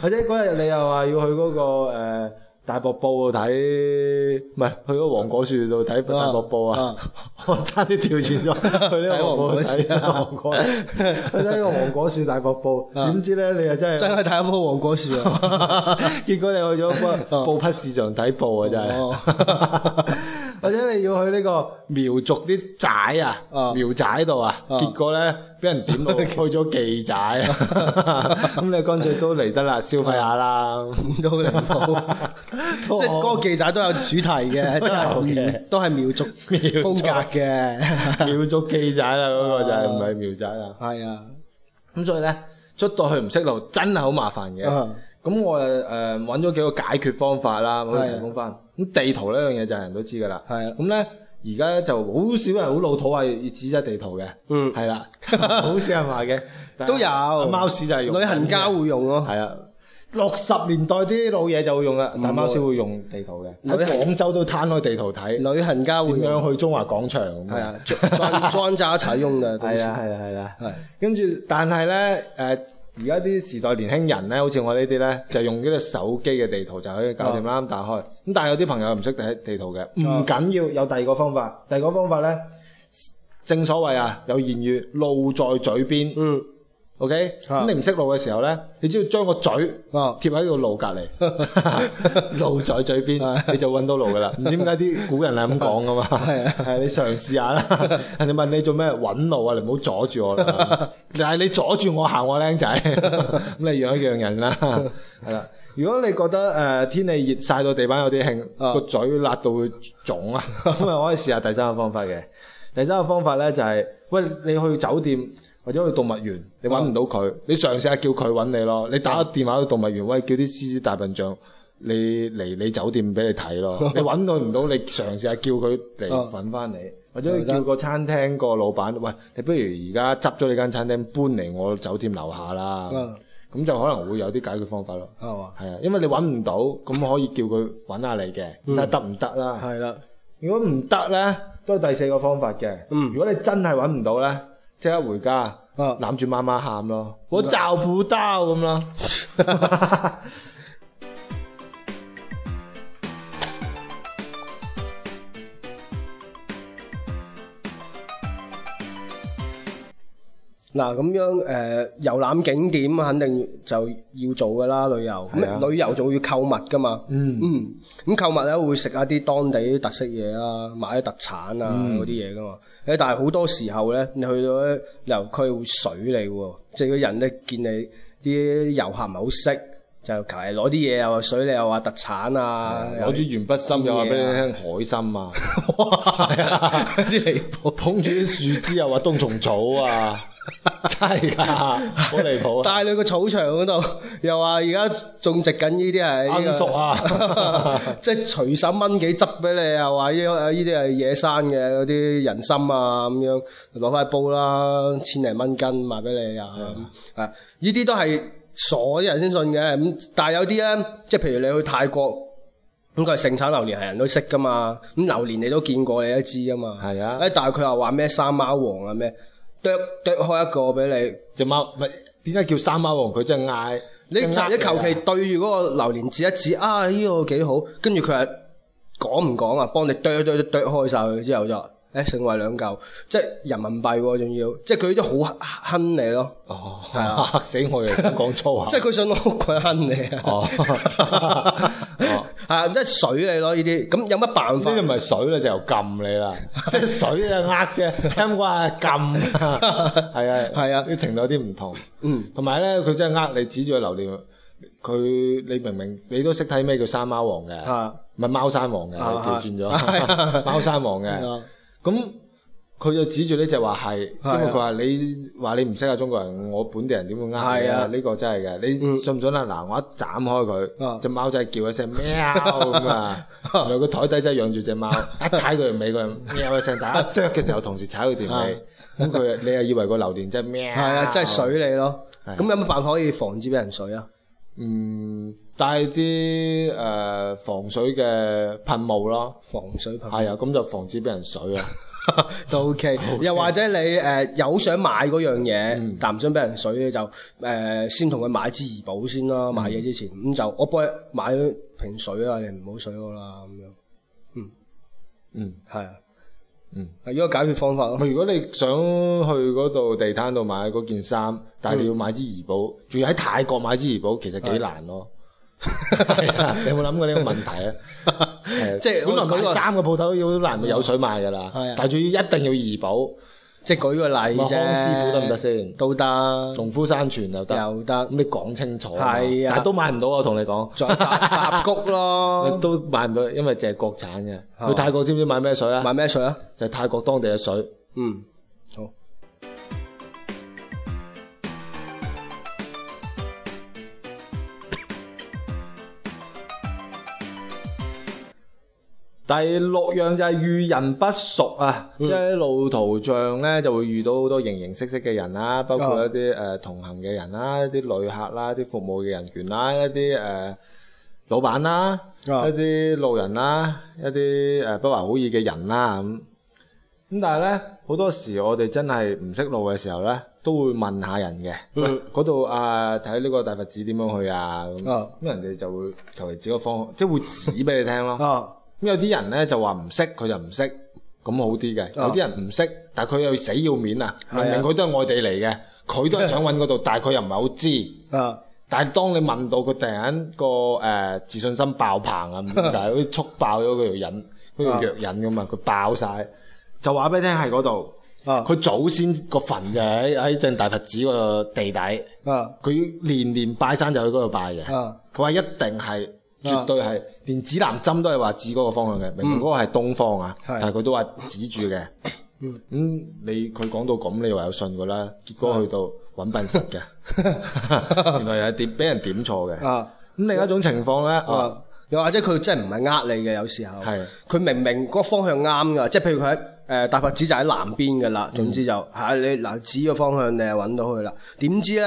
或者嗰日你又話要去嗰、那個誒、呃、大瀑布度睇，唔係去嗰黃果樹度睇大瀑布啊！我差啲調轉咗去呢個黃果樹啊！啊啊 去睇個、, 啊、 個黃果樹大瀑布，點、啊、知咧你又真係真係睇一棵黃果樹啊！ 結果你去咗布匹市場睇布啊,啊！真、啊、係。 或者你要去呢個苗族啲寨啊，苗寨度啊，結果咧俾人點到你去咗妓寨，咁你乾脆都嚟得啦，消費下啦，都好，即係嗰個妓寨都有主題嘅，都係苗族風格嘅，苗族妓寨啦，嗰個就係唔係苗寨啦，係啊，咁所以咧，出到去唔識路真係好麻煩嘅。咁我誒誒揾咗幾個解決方法啦，可以提供翻。咁地圖呢樣嘢就係人都知㗎啦。係。咁咧，而家就好少人好老土係紙質地圖嘅。嗯。係啦。好少人話嘅，都有。貓屎就係用。旅行家會用咯。係啊。六十年代啲老嘢就會用啦。但貓屎會用地圖嘅。喺廣州都攤開地圖睇。旅行家會點樣去中華廣場？係啊。裝裝炸一齊用㗎。係啦係啦係啦。係。跟住，但係咧誒。而家啲時代年輕人咧，好似我呢啲咧，就用呢個手機嘅地圖就可以搞掂啦，打開。咁、哦、但係有啲朋友唔識睇地圖嘅，唔、哦、緊要，有第二個方法。第二個方法咧，正所謂啊，有言語路在嘴邊。嗯。O K，咁你唔識路嘅時候咧，你只要將個嘴貼喺個路隔籬，路在嘴邊，你就搵到路噶啦。唔知點解啲古人係咁講噶嘛？係啊，係你嘗試下啦。你問你做咩搵路啊？你唔好阻住我啦。就係你阻住我行，我僆仔。咁你讓一讓人啦，係啦。如果你覺得誒天氣熱曬到地板有啲慶，個嘴辣到會腫啊，咁啊，我可以試下第三個方法嘅。第三個方法咧就係，喂，你去酒店。或者去動物園，你揾唔到佢，你嘗試下叫佢揾你咯。你打個電話去動物園，喂，叫啲獅子大笨象，你嚟你酒店俾你睇咯。你揾佢唔到，你嘗試下叫佢嚟揾翻你，或者叫個餐廳個老闆，喂，你不如而家執咗你間餐廳，搬嚟我酒店樓下啦。咁就可能會有啲解決方法咯。係啊，因為你揾唔到，咁可以叫佢揾下你嘅，但係得唔得啦？係啦，如果唔得咧，都係第四個方法嘅。嗯，如果你真係揾唔到咧。即刻回家，攬住、啊、媽媽喊咯，家我找不到咁咯。 嗱，咁樣誒遊覽景點肯定就要做㗎啦，mesela, 啊、旅遊咁旅遊就會購物㗎嘛。嗯嗯，咁、嗯、購物咧會食一啲當地啲特色嘢啦、啊，買啲特產啊嗰啲嘢㗎嘛。誒、嗯啊，但係好多時候咧，你去到咧遊區會水、yeah. 你喎，即係嗰人咧見你啲遊客唔係好識，就求係攞啲嘢又話水你，又話特產啊，攞支鉛筆芯又話俾你聽海蔘啊 呀，哇！啲嚟捧住啲樹枝又話冬蟲草啊～真係噶，好離譜啊！帶你去個草場嗰度，又話而家種植緊呢啲係，啱熟啊！即係隨手掹幾執俾你啊！話依依啲係野生嘅嗰啲人參啊咁樣，攞返煲啦，千零蚊斤賣俾你啊！啊，呢啲都係傻啲人先信嘅咁。但係有啲咧，即係譬如你去泰國，咁佢係盛產榴蓮，係人都識噶嘛。咁榴蓮你都見過，你都知噶嘛。係是啊。誒，但係佢又話咩三貓王啊咩？剁剁開一個俾你隻貓咪，點解叫三貓王？佢真係嗌你，你求其對住嗰個榴蓮指一指，啊呢、啊這個幾好，跟住佢話講唔講啊？幫你剁剁剁開晒佢之後就，誒成為兩嚿，即係人民幣仲、啊、要，即係佢都好哼你咯。哦，係啊，吓死我哋，我講粗話， 即係佢想攞棍哼你啊！哦 哦、 啊，係即係水你咯呢啲，咁有乜辦法呢？呢啲咪水咧，由 就由撳你啦，即係水啊，呃啫，聽講話撳，係啊，係啊 的，啲程度有啲唔同，嗯呢，同埋咧，佢真係呃你，指住留尿，佢你明明你都識睇咩叫山貓王嘅，啊，唔係貓山王嘅，調轉咗，貓山王嘅，咁。佢就指住呢隻話係，因為佢話你話你唔識啊中國人，我本地人點會啱嘅？呢個真係嘅。你信唔信啦？嗱，我一斬開佢，隻貓仔叫一聲喵咁啊，然後個台底真係養住隻貓，一踩佢條尾，佢喵一聲，打，家啄嘅時候同時踩佢條尾，咁佢你又以為個榴槤真係喵？係啊，真係水你咯。咁有冇辦法可以防止俾人水啊？嗯，帶啲誒防水嘅噴霧咯，防水噴霧係啊，咁就防止俾人水啊。 都以 OK，又或者你誒、呃、有想買嗰樣嘢，嗯、但唔想俾人水咧，就誒、呃、先同佢買支怡寶先咯。買嘢之前咁、嗯、就我幫你買咗瓶水啊，你唔好水我啦咁樣。嗯嗯係是嗯係一個解決方法，如果你想去嗰度地攤度買嗰件衫，但係你要買支怡寶，仲要喺泰國買支怡寶，其實幾難咯。你有冇諗過呢個問題啊？即係本來講三個鋪頭好難有水賣噶啦，但係仲要一定要怡保，即係舉個例啫。康師傅得唔得先？都得，農夫山泉又得，又得。咁你講清楚，係啊，但係都買唔到啊！同你講，再加谷咯，都買唔到，因為淨係國產嘅。去泰國知唔知買咩水啊？買咩水啊？就係泰國當地嘅水。嗯。第六樣就係遇人不熟啊，嗯、即係路途上咧就會遇到好多形形色色嘅人啦、啊，包括一啲誒、啊呃、同行嘅人啦、啊，一啲旅客啦、啊，啲服務嘅人員啦、啊，一啲誒、呃、老闆啦、啊啊啊，一啲路人啦，一啲誒、不懷好意嘅人啦、啊、咁。咁、嗯、但係咧好多時我哋真係唔識路嘅時候咧，都會問下人嘅，嗰度、嗯、啊睇呢個大佛寺點樣去啊咁，咁、嗯啊、人哋就會求其指個方即係 會指俾你聽咯。有啲人咧就話唔識，佢就唔識，咁好啲嘅。有啲人唔識，但係佢又死要面啊！明明佢都係外地嚟嘅，佢都係想揾嗰度，哎、呀但係佢又唔係好知。啊、但係當你問到佢，突然間、那個誒、呃、自信心爆棚呵呵爆啊！咁但好似促爆咗佢個癮，嗰個藥癮咁嘛。佢爆晒，就話俾你聽係嗰度。佢、啊、祖先個墳就喺喺正大佛寺個地底。佢年年拜山就去嗰度拜嘅。佢話、啊啊、一定係。絕對係，連指南針都係話指嗰個方向嘅，明明嗰個係東方啊，嗯、但係佢都話指住嘅。咁你佢講到咁，你話有信噶啦，結果去到揾笨食嘅， 原來係點俾人點錯嘅。咁、啊、另一種情況咧，又、啊啊、或者佢真係唔係呃你嘅，有時候佢是明明嗰個方向啱㗎，即係譬如佢。誒，大佛寺就喺南邊噶啦，總之就吓你嗱，指個方向你就揾到佢啦。點知咧，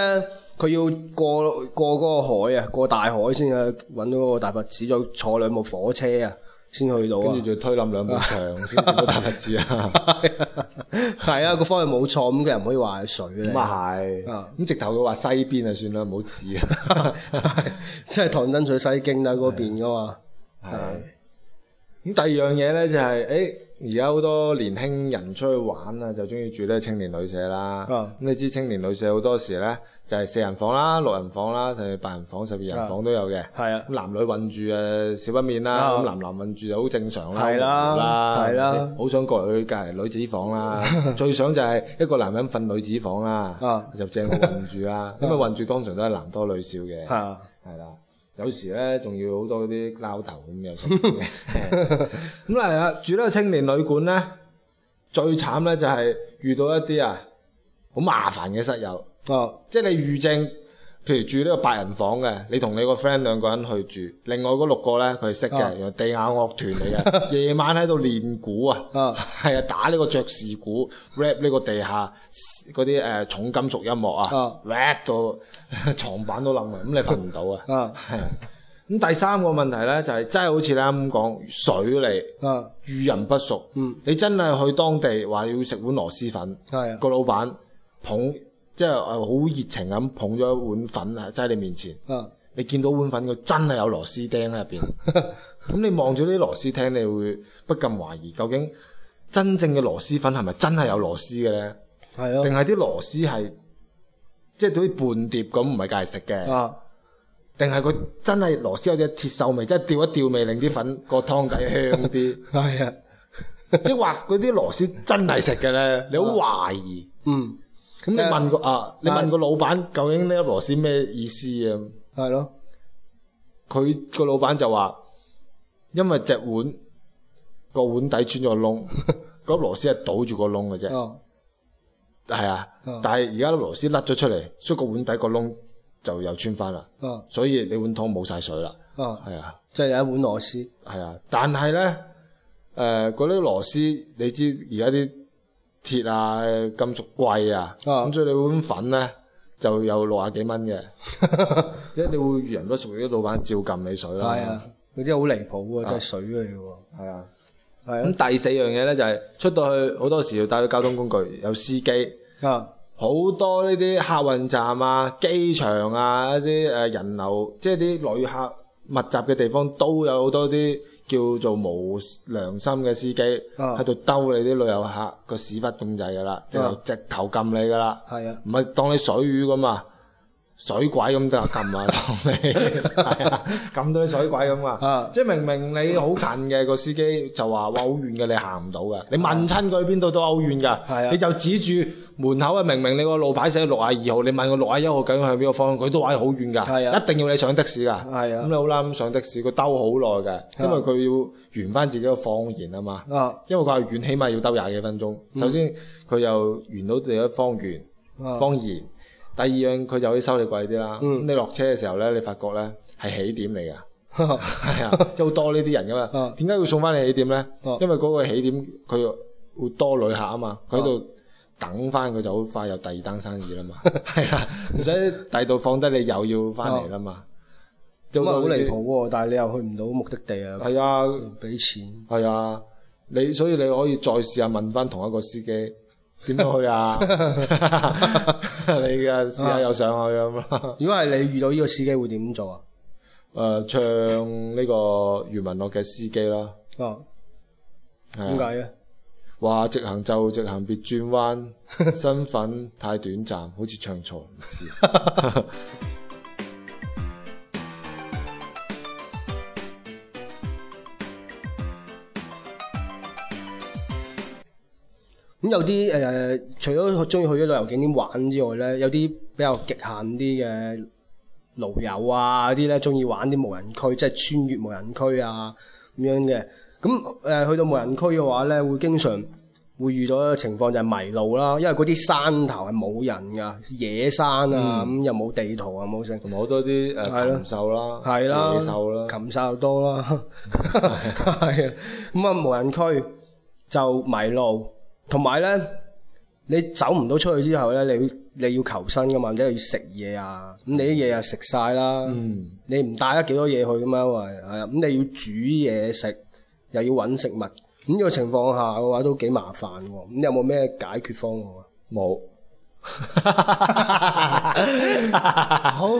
佢要過過個海啊，過大海先啊，揾到嗰個大佛寺，再坐兩部火車啊，先去到。跟住就推冧兩面牆先見到大佛寺啊。係啊，個方向冇錯，咁佢又唔可以話係水咧。咁啊係，咁直頭佢話西邊啊，算啦，唔好指啊。即係《唐僧取西京》啦，嗰邊噶嘛。係。咁第二樣嘢咧就係誒。而家好多年輕人出去玩啊，就中意住呢青年旅社啦。咁你知青年旅社好多時咧，就係四人房啦、六人房啦、甚至八人房、十二人房都有嘅。係啊，男女混住，誒少不免啦。咁男男混住就好正常啦。係啦，係啦，好想過去去隔籬女子房啦。最想就係一個男人瞓女子房啦，就正混住啦。因為混住當場都係男多女少嘅。係啦。有時咧，仲要好多啲撈頭咁樣。咁嚟啦，住喺青年旅館咧，最慘咧就係遇到一啲啊好麻煩嘅室友。哦，oh. 即係你預證。譬如住呢個八人房嘅，你同你個 friend 兩個人去住，另外嗰六個咧，佢識嘅，由地下樂團嚟嘅，夜晚喺度練鼓啊，係 啊，打呢個爵士鼓，rap 呢個地下嗰啲誒重金屬音樂啊，啊，rap 到床板都冧 啊，咁你瞓唔到啊，係。咁第三個問題咧就係、是、真係好似你啱講，水嚟，遇、啊、人不熟，嗯、你真係去當地話要食碗螺螄粉，個老闆捧。嗯即係誒，好熱情咁捧咗一碗粉啊，喺、就是、你面前。你見到碗粉，佢真係有螺絲釘喺入邊。咁你望住啲螺絲釘，你會不禁懷疑，究竟真正嘅螺螄粉係咪真係有螺絲嘅咧？係咯的。定係啲螺絲係即係對於半碟咁，唔係計嚟食嘅。啊的。定係佢真係螺絲有隻鐵鏽味，即係吊一吊味，令啲粉個湯底香啲。係啊的。 即係話嗰啲螺絲真係食嘅咧，你好懷疑。嗯。咁、嗯、你問個啊？你問個老闆究竟呢粒螺絲咩意思啊？係咯的，佢個老闆就話：因為隻碗、個碗底穿咗個窿，嗰粒 螺絲係倒住個窿嘅啫。哦，係啊，但係而家粒螺絲甩咗出嚟，所以個碗底個窿就又穿翻啦。哦、所以你碗湯冇晒水啦。哦，係啊的，即係有一碗螺絲。係啊，但係咧，誒嗰啲螺絲你知而家啲。鐵啊，金屬貴啊，咁、啊啊、所以你碗粉咧就有六十幾蚊嘅，即 係你會遇人不淑啲老闆照撳你水啦。係啊，嗰啲好離譜啊，真係水嚟嘅喎。係啊，咁、啊、第四樣嘢咧就係、是、出到去好多時要帶到交通工具，有司機。啊，好多呢啲客運站啊、機場啊一啲誒人流，即係啲旅客密集嘅地方都有好多啲。叫做無良心嘅司機喺度兜你啲旅遊客個屎忽咁滯㗎啦，就、uh huh. 直頭撳你㗎啦，唔係、uh huh. 當你水魚咁啊！水鬼咁得啊，撳啊，撳多啲水鬼咁啊！即係明明你好近嘅，個司機就話：哇，好遠嘅，你行唔到嘅。你問親佢邊度都好遠㗎，你就指住門口啊！明明你個路牌寫六啊二號，你問佢六啊一號究竟係邊個方向，佢都話係好遠㗎。係啊，一定要你上的士㗎。係啊，咁你好啦，咁上的士，佢兜好耐嘅，因為佢要圓返自己個方言啊嘛。因為佢係遠，起碼要兜廿幾分鐘。首先佢又圓到自己方言，方言。第二樣佢就會收貴、嗯、你貴啲啦。咁你落車嘅時候咧，你發覺咧係起點嚟噶，係 啊，即好多呢啲人噶嘛。點解要送翻你起點咧？ 因為嗰個起點佢會多旅客啊嘛，佢喺度等翻佢就好快有第二單生意啦嘛。係 啊，唔使喺度放低你又要翻嚟啦嘛。咁啊好離譜喎、啊！但係你又去唔到目的地啊？係啊，俾錢。係啊，你所以你可以再試下問翻同一個司機。點樣去啊？ 你嘅試下又上去咁、啊、 如果係你遇到呢個司機會點做啊？誒、呃，唱呢個余文樂嘅司機啦。哦、啊，點解嘅？話直行就直行別轉彎，別轉彎。身份太短暫，好似唱錯。 知 咁有啲誒、呃，除咗中意去啲旅遊景點玩之外咧，有啲比較極限啲嘅驢友啊啲咧，中意玩啲無人區，即係穿越無人區啊咁樣嘅。咁誒、呃、去到無人區嘅話咧，會經常會遇到一個情況就係迷路啦，因為嗰啲山頭係冇人噶野山啊，咁、嗯、又冇地圖啊，冇剩同埋好多啲誒禽獸啦，野獸啦，禽獸多啦，係啊。咁啊，啊 啊無人區就迷路。同埋咧，你走唔到出去之後咧，你要你要求生噶、啊嗯、嘛？你又要食嘢啊，咁你啲嘢又食晒啦，你唔帶得幾多嘢去噶嘛？喂，係啊，咁你要煮嘢食，又要搵食物，咁、這個情況下嘅話都幾麻煩。咁有冇咩解決方案啊？冇， 好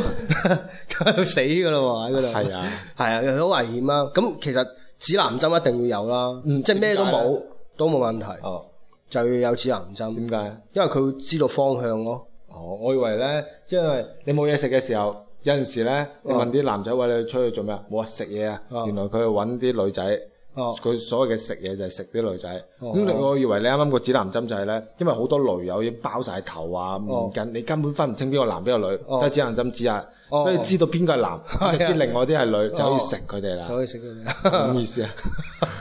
死噶啦喎！喺嗰度係啊，係啊，又好危險啊！咁其實指南針一定要有啦、啊，嗯、即係咩都冇都冇問題。哦就要有指南針，點解何？因為佢會知道方向咯。哦，我以為咧，即係你冇嘢食嘅時候，有陣時咧，你問啲男仔喂，你出去做咩啊？冇啊，食嘢啊！哦，原來佢去搵啲女仔。佢所謂嘅食嘢就係食啲女仔，咁你我以為你啱啱個指南針就係咧，因為好多驢友已經包晒頭啊、面巾，你根本分唔清邊個男邊個女，得指南針指下，跟住知道邊個係男，知另外啲係女就可以食佢哋啦。就可以食佢哋，咁意思啊？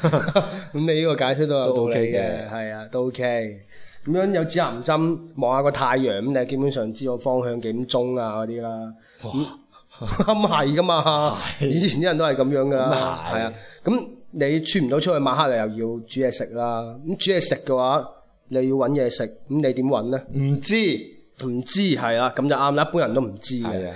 咁你呢個解釋都 OK 嘅，係啊，都 OK。咁樣有指南針望下個太陽咁你基本上知道方向幾點鐘啊嗰啲啦。咁係噶嘛？以前啲人都係咁樣噶，係啊，咁。你穿唔到出去，晚黑你又要煮嘢食啦。咁煮嘢食嘅話，你要揾嘢食，咁你點揾咧？唔知，唔知，係啦，咁就啱啦。一般人都唔知嘅，嚇的。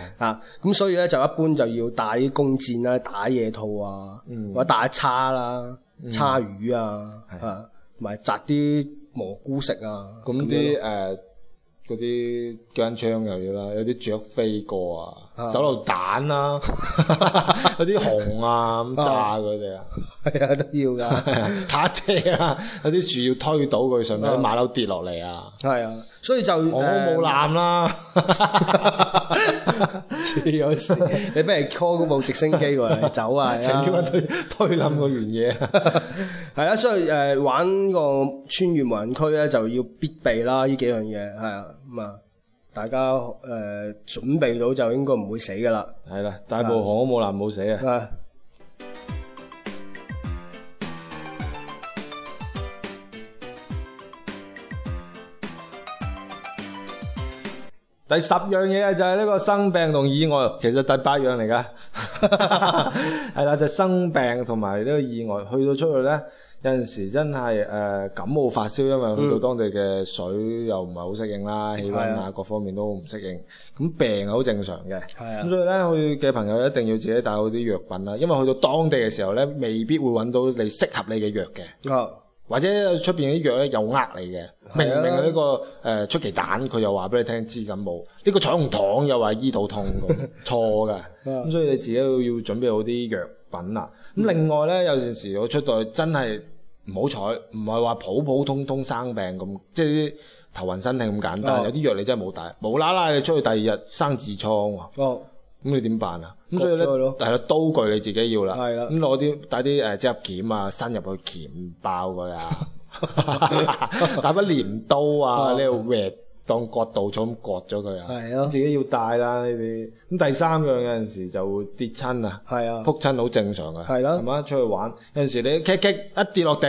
咁、啊、所以咧就一般就要帶啲弓箭啦，打野兔啊，嗯、或者打叉啦，叉魚啊，嚇、嗯，同埋、啊、摘啲蘑菇食啊。咁啲誒，嗰啲弓槍又要啦，有啲雀飛過啊。手榴彈啦，有啲熊啊咁炸佢哋啊，係 啊都要噶，卡 車啊，有啲樹要推倒佢，上面啲馬騮跌落嚟啊，係 啊，所以就我冇濫啦， 有時你不如 call 嗰部直升機過嚟走啊， 整啲推推冧個原野，係啦，所以誒、呃、玩個穿越無人區咧就要必備啦呢幾樣嘢，係啊咁啊。大家誒、呃、準備到就應該唔會死噶啦，係啦，大步行都冇難冇死啊。的第十樣嘢就係呢個生病同意外，其實第八樣嚟噶，係 啦， 就係，生病同埋呢個意外去到出去咧。有陣時真係誒感冒發燒，因為去到當地嘅水又唔係好適應啦，氣溫啊各方面都唔適應。咁病係好正常嘅，咁所以咧去嘅朋友一定要自己帶好啲藥品啦，因為去到當地嘅時候咧未必會揾到你適合你嘅藥嘅，或者出邊啲藥咧又呃你嘅，明明呢個誒出奇蛋佢又話俾你聽治感冒，呢個彩虹糖又話醫肚痛，錯㗎。咁所以你自己要準備好啲藥品啊。咁另外咧有陣時我出到去真係。唔好彩，唔係話普普通通生病咁，即係啲頭暈身㷫咁簡單。哦、有啲藥你真係冇帶，無啦啦你出去第二日生痔瘡喎。哦，咁你點辦啊？咁所以咧，係啦，刀具你自己要啦。係啦的，咁攞啲帶啲誒指甲鉗啊，伸入去鉗包佢啊，帶個鏈、呃、刀、刀啊，呢度當割稻草咁割咗佢啊！係啊，自己要帶啦呢啲。咁第三樣有陣時就跌親啊，係啊，撲親好正常噶，係咯，係嘛？出去玩有陣時你 kick kick 一跌落地，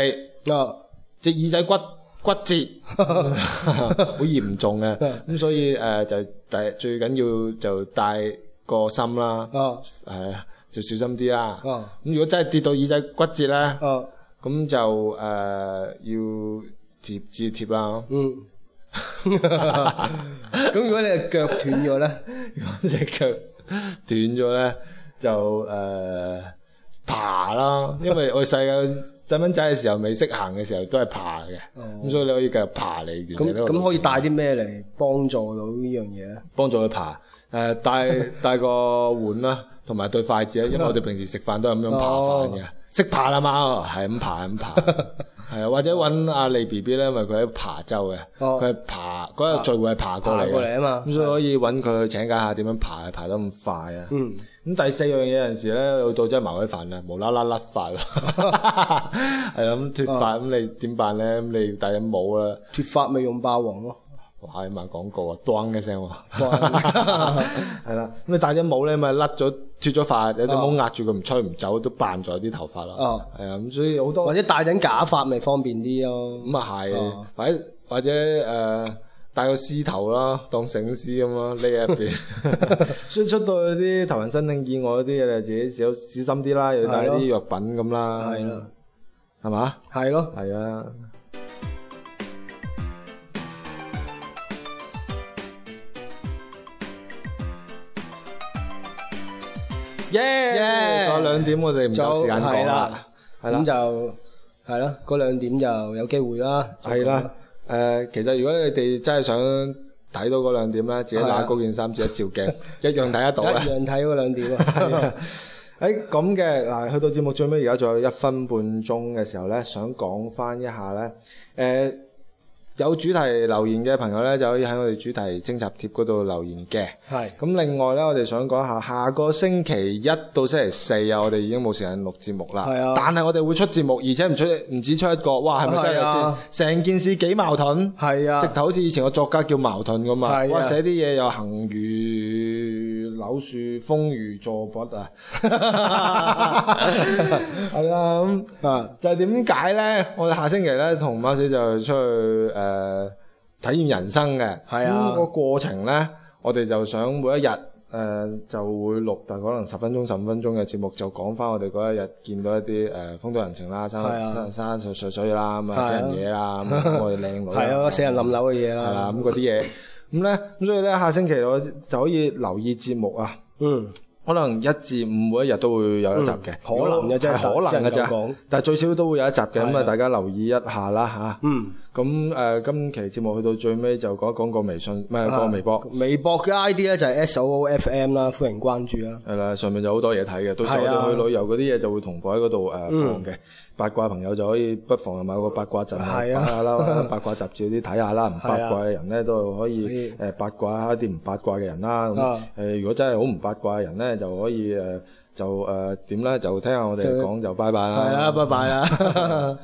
啊，隻耳仔骨骨折，好嚴重嘅。咁所以誒就第最緊要就帶個心啦，啊，係啊，就小心啲啦。咁如果真係跌到耳仔骨折咧，啊，咁就誒要貼治貼啦。嗯。咁 如果你腳斷咗咧，隻腳斷咗咧，就誒、呃、爬啦。因為我細個細蚊仔嘅時候， 時候未識行嘅時候，都係爬嘅。咁、哦、所以你可以繼續爬嚟。咁咁可以帶啲咩嚟幫助到呢樣嘢咧？幫助佢爬誒，帶、呃、帶 個碗啦，同埋對筷子啦。因為我哋平時食飯都係咁樣爬飯嘅，識、哦、爬啦嘛，係咁爬，咁爬。係啊，或者揾阿利 B B 咧，因為佢喺琶洲嘅，佢係、哦、爬嗰日聚會係爬過嚟嘅，咁所以可以揾佢去請教下點樣爬，爬得咁快啊！咁、嗯、第四樣嘢嘅陣時咧，去到真係麻鬼煩啦，無啦啦甩髮啦，啊，咁脱髮，咁你點辦咧？咁你戴緊帽啊？脱、嗯、髮咪用霸王咯～哇！起埋廣告啊，噹一聲喎，係啦。咁你戴頂帽咧，咪甩咗脱咗發，有頂帽壓住佢，唔吹唔走，都扮咗啲頭髮啦。哦，係啊。咁所以好多或者戴頂假髮咪方便啲咯。咁啊係，或者或者誒戴個獅頭啦，當醒獅咁咯，匿喺一邊。所以出到去啲頭暈身凍意外嗰啲嘢，你自己小小心啲啦，又要帶啲藥品咁啦。係咯。係嘛？係咯。係啊。耶！仲有兩點我哋唔夠時間講啦，咁就係咯，嗰兩點就有機會啦。係啦，誒，其實如果你哋真係想睇到嗰兩點咧，自己攞高件衫自己照鏡，一樣睇得到嘅，一樣睇嗰兩點咯。誒咁嘅嗱，去到節目最尾而家仲有一分半鐘嘅時候咧，想講翻一下咧，誒。有主題留言嘅朋友呢，就可以喺我哋主題徵集貼嗰度留言嘅。係咁是，另外呢，我哋想講下，下個星期一到星期四啊，我哋已經冇時間錄節目啦。啊、但係我哋會出節目，而且唔出唔止出一個。哇，係咪先？成、啊、件事幾矛盾？係啊，直頭好似以前個作家叫矛盾咁嘛。係、啊、寫啲嘢又行語。柳樹風雨助筆啊，係啦咁啊，就係點解咧？我哋下星期咧同馬師就出去誒體驗人生嘅。係啊，咁個過程咧，我哋就想每一日誒就會錄，但可能十分鐘、十五分鐘嘅節目就講翻我哋嗰一日見到一啲誒風土人情啦，山山山水水啦，咁啊死人嘢啦，咁我哋靚女，係啊，死人冧樓嘅嘢啦，咁嗰啲嘢。咁咧，咁所以咧，下星期我就可以留意節目啊。嗯，可能一至五每一日都會有一集嘅，嗯、可能係、嗯、可能嘅啫。能但最少都會有一集嘅，咁啊、嗯，大家留意一下啦、啊、嚇。嗯。嗯。咁誒，今期節目去到最尾就講一講個微信，咩？係個微博。微博嘅 I D 咧就係 S O O F M 啦，歡迎關注啊！係啦，上面有好多嘢睇嘅。到時我哋去旅遊嗰啲嘢就會同步喺嗰度誒放嘅。八卦朋友就可以不妨買個八卦陣啊，啦，八卦雜誌啲睇下啦。唔八卦嘅人咧都可以誒八卦下一啲唔八卦嘅人啦。誒，如果真係好唔八卦嘅人咧，就可以誒就誒點咧，就聽下我哋講就拜拜啦。係啦，拜拜啦。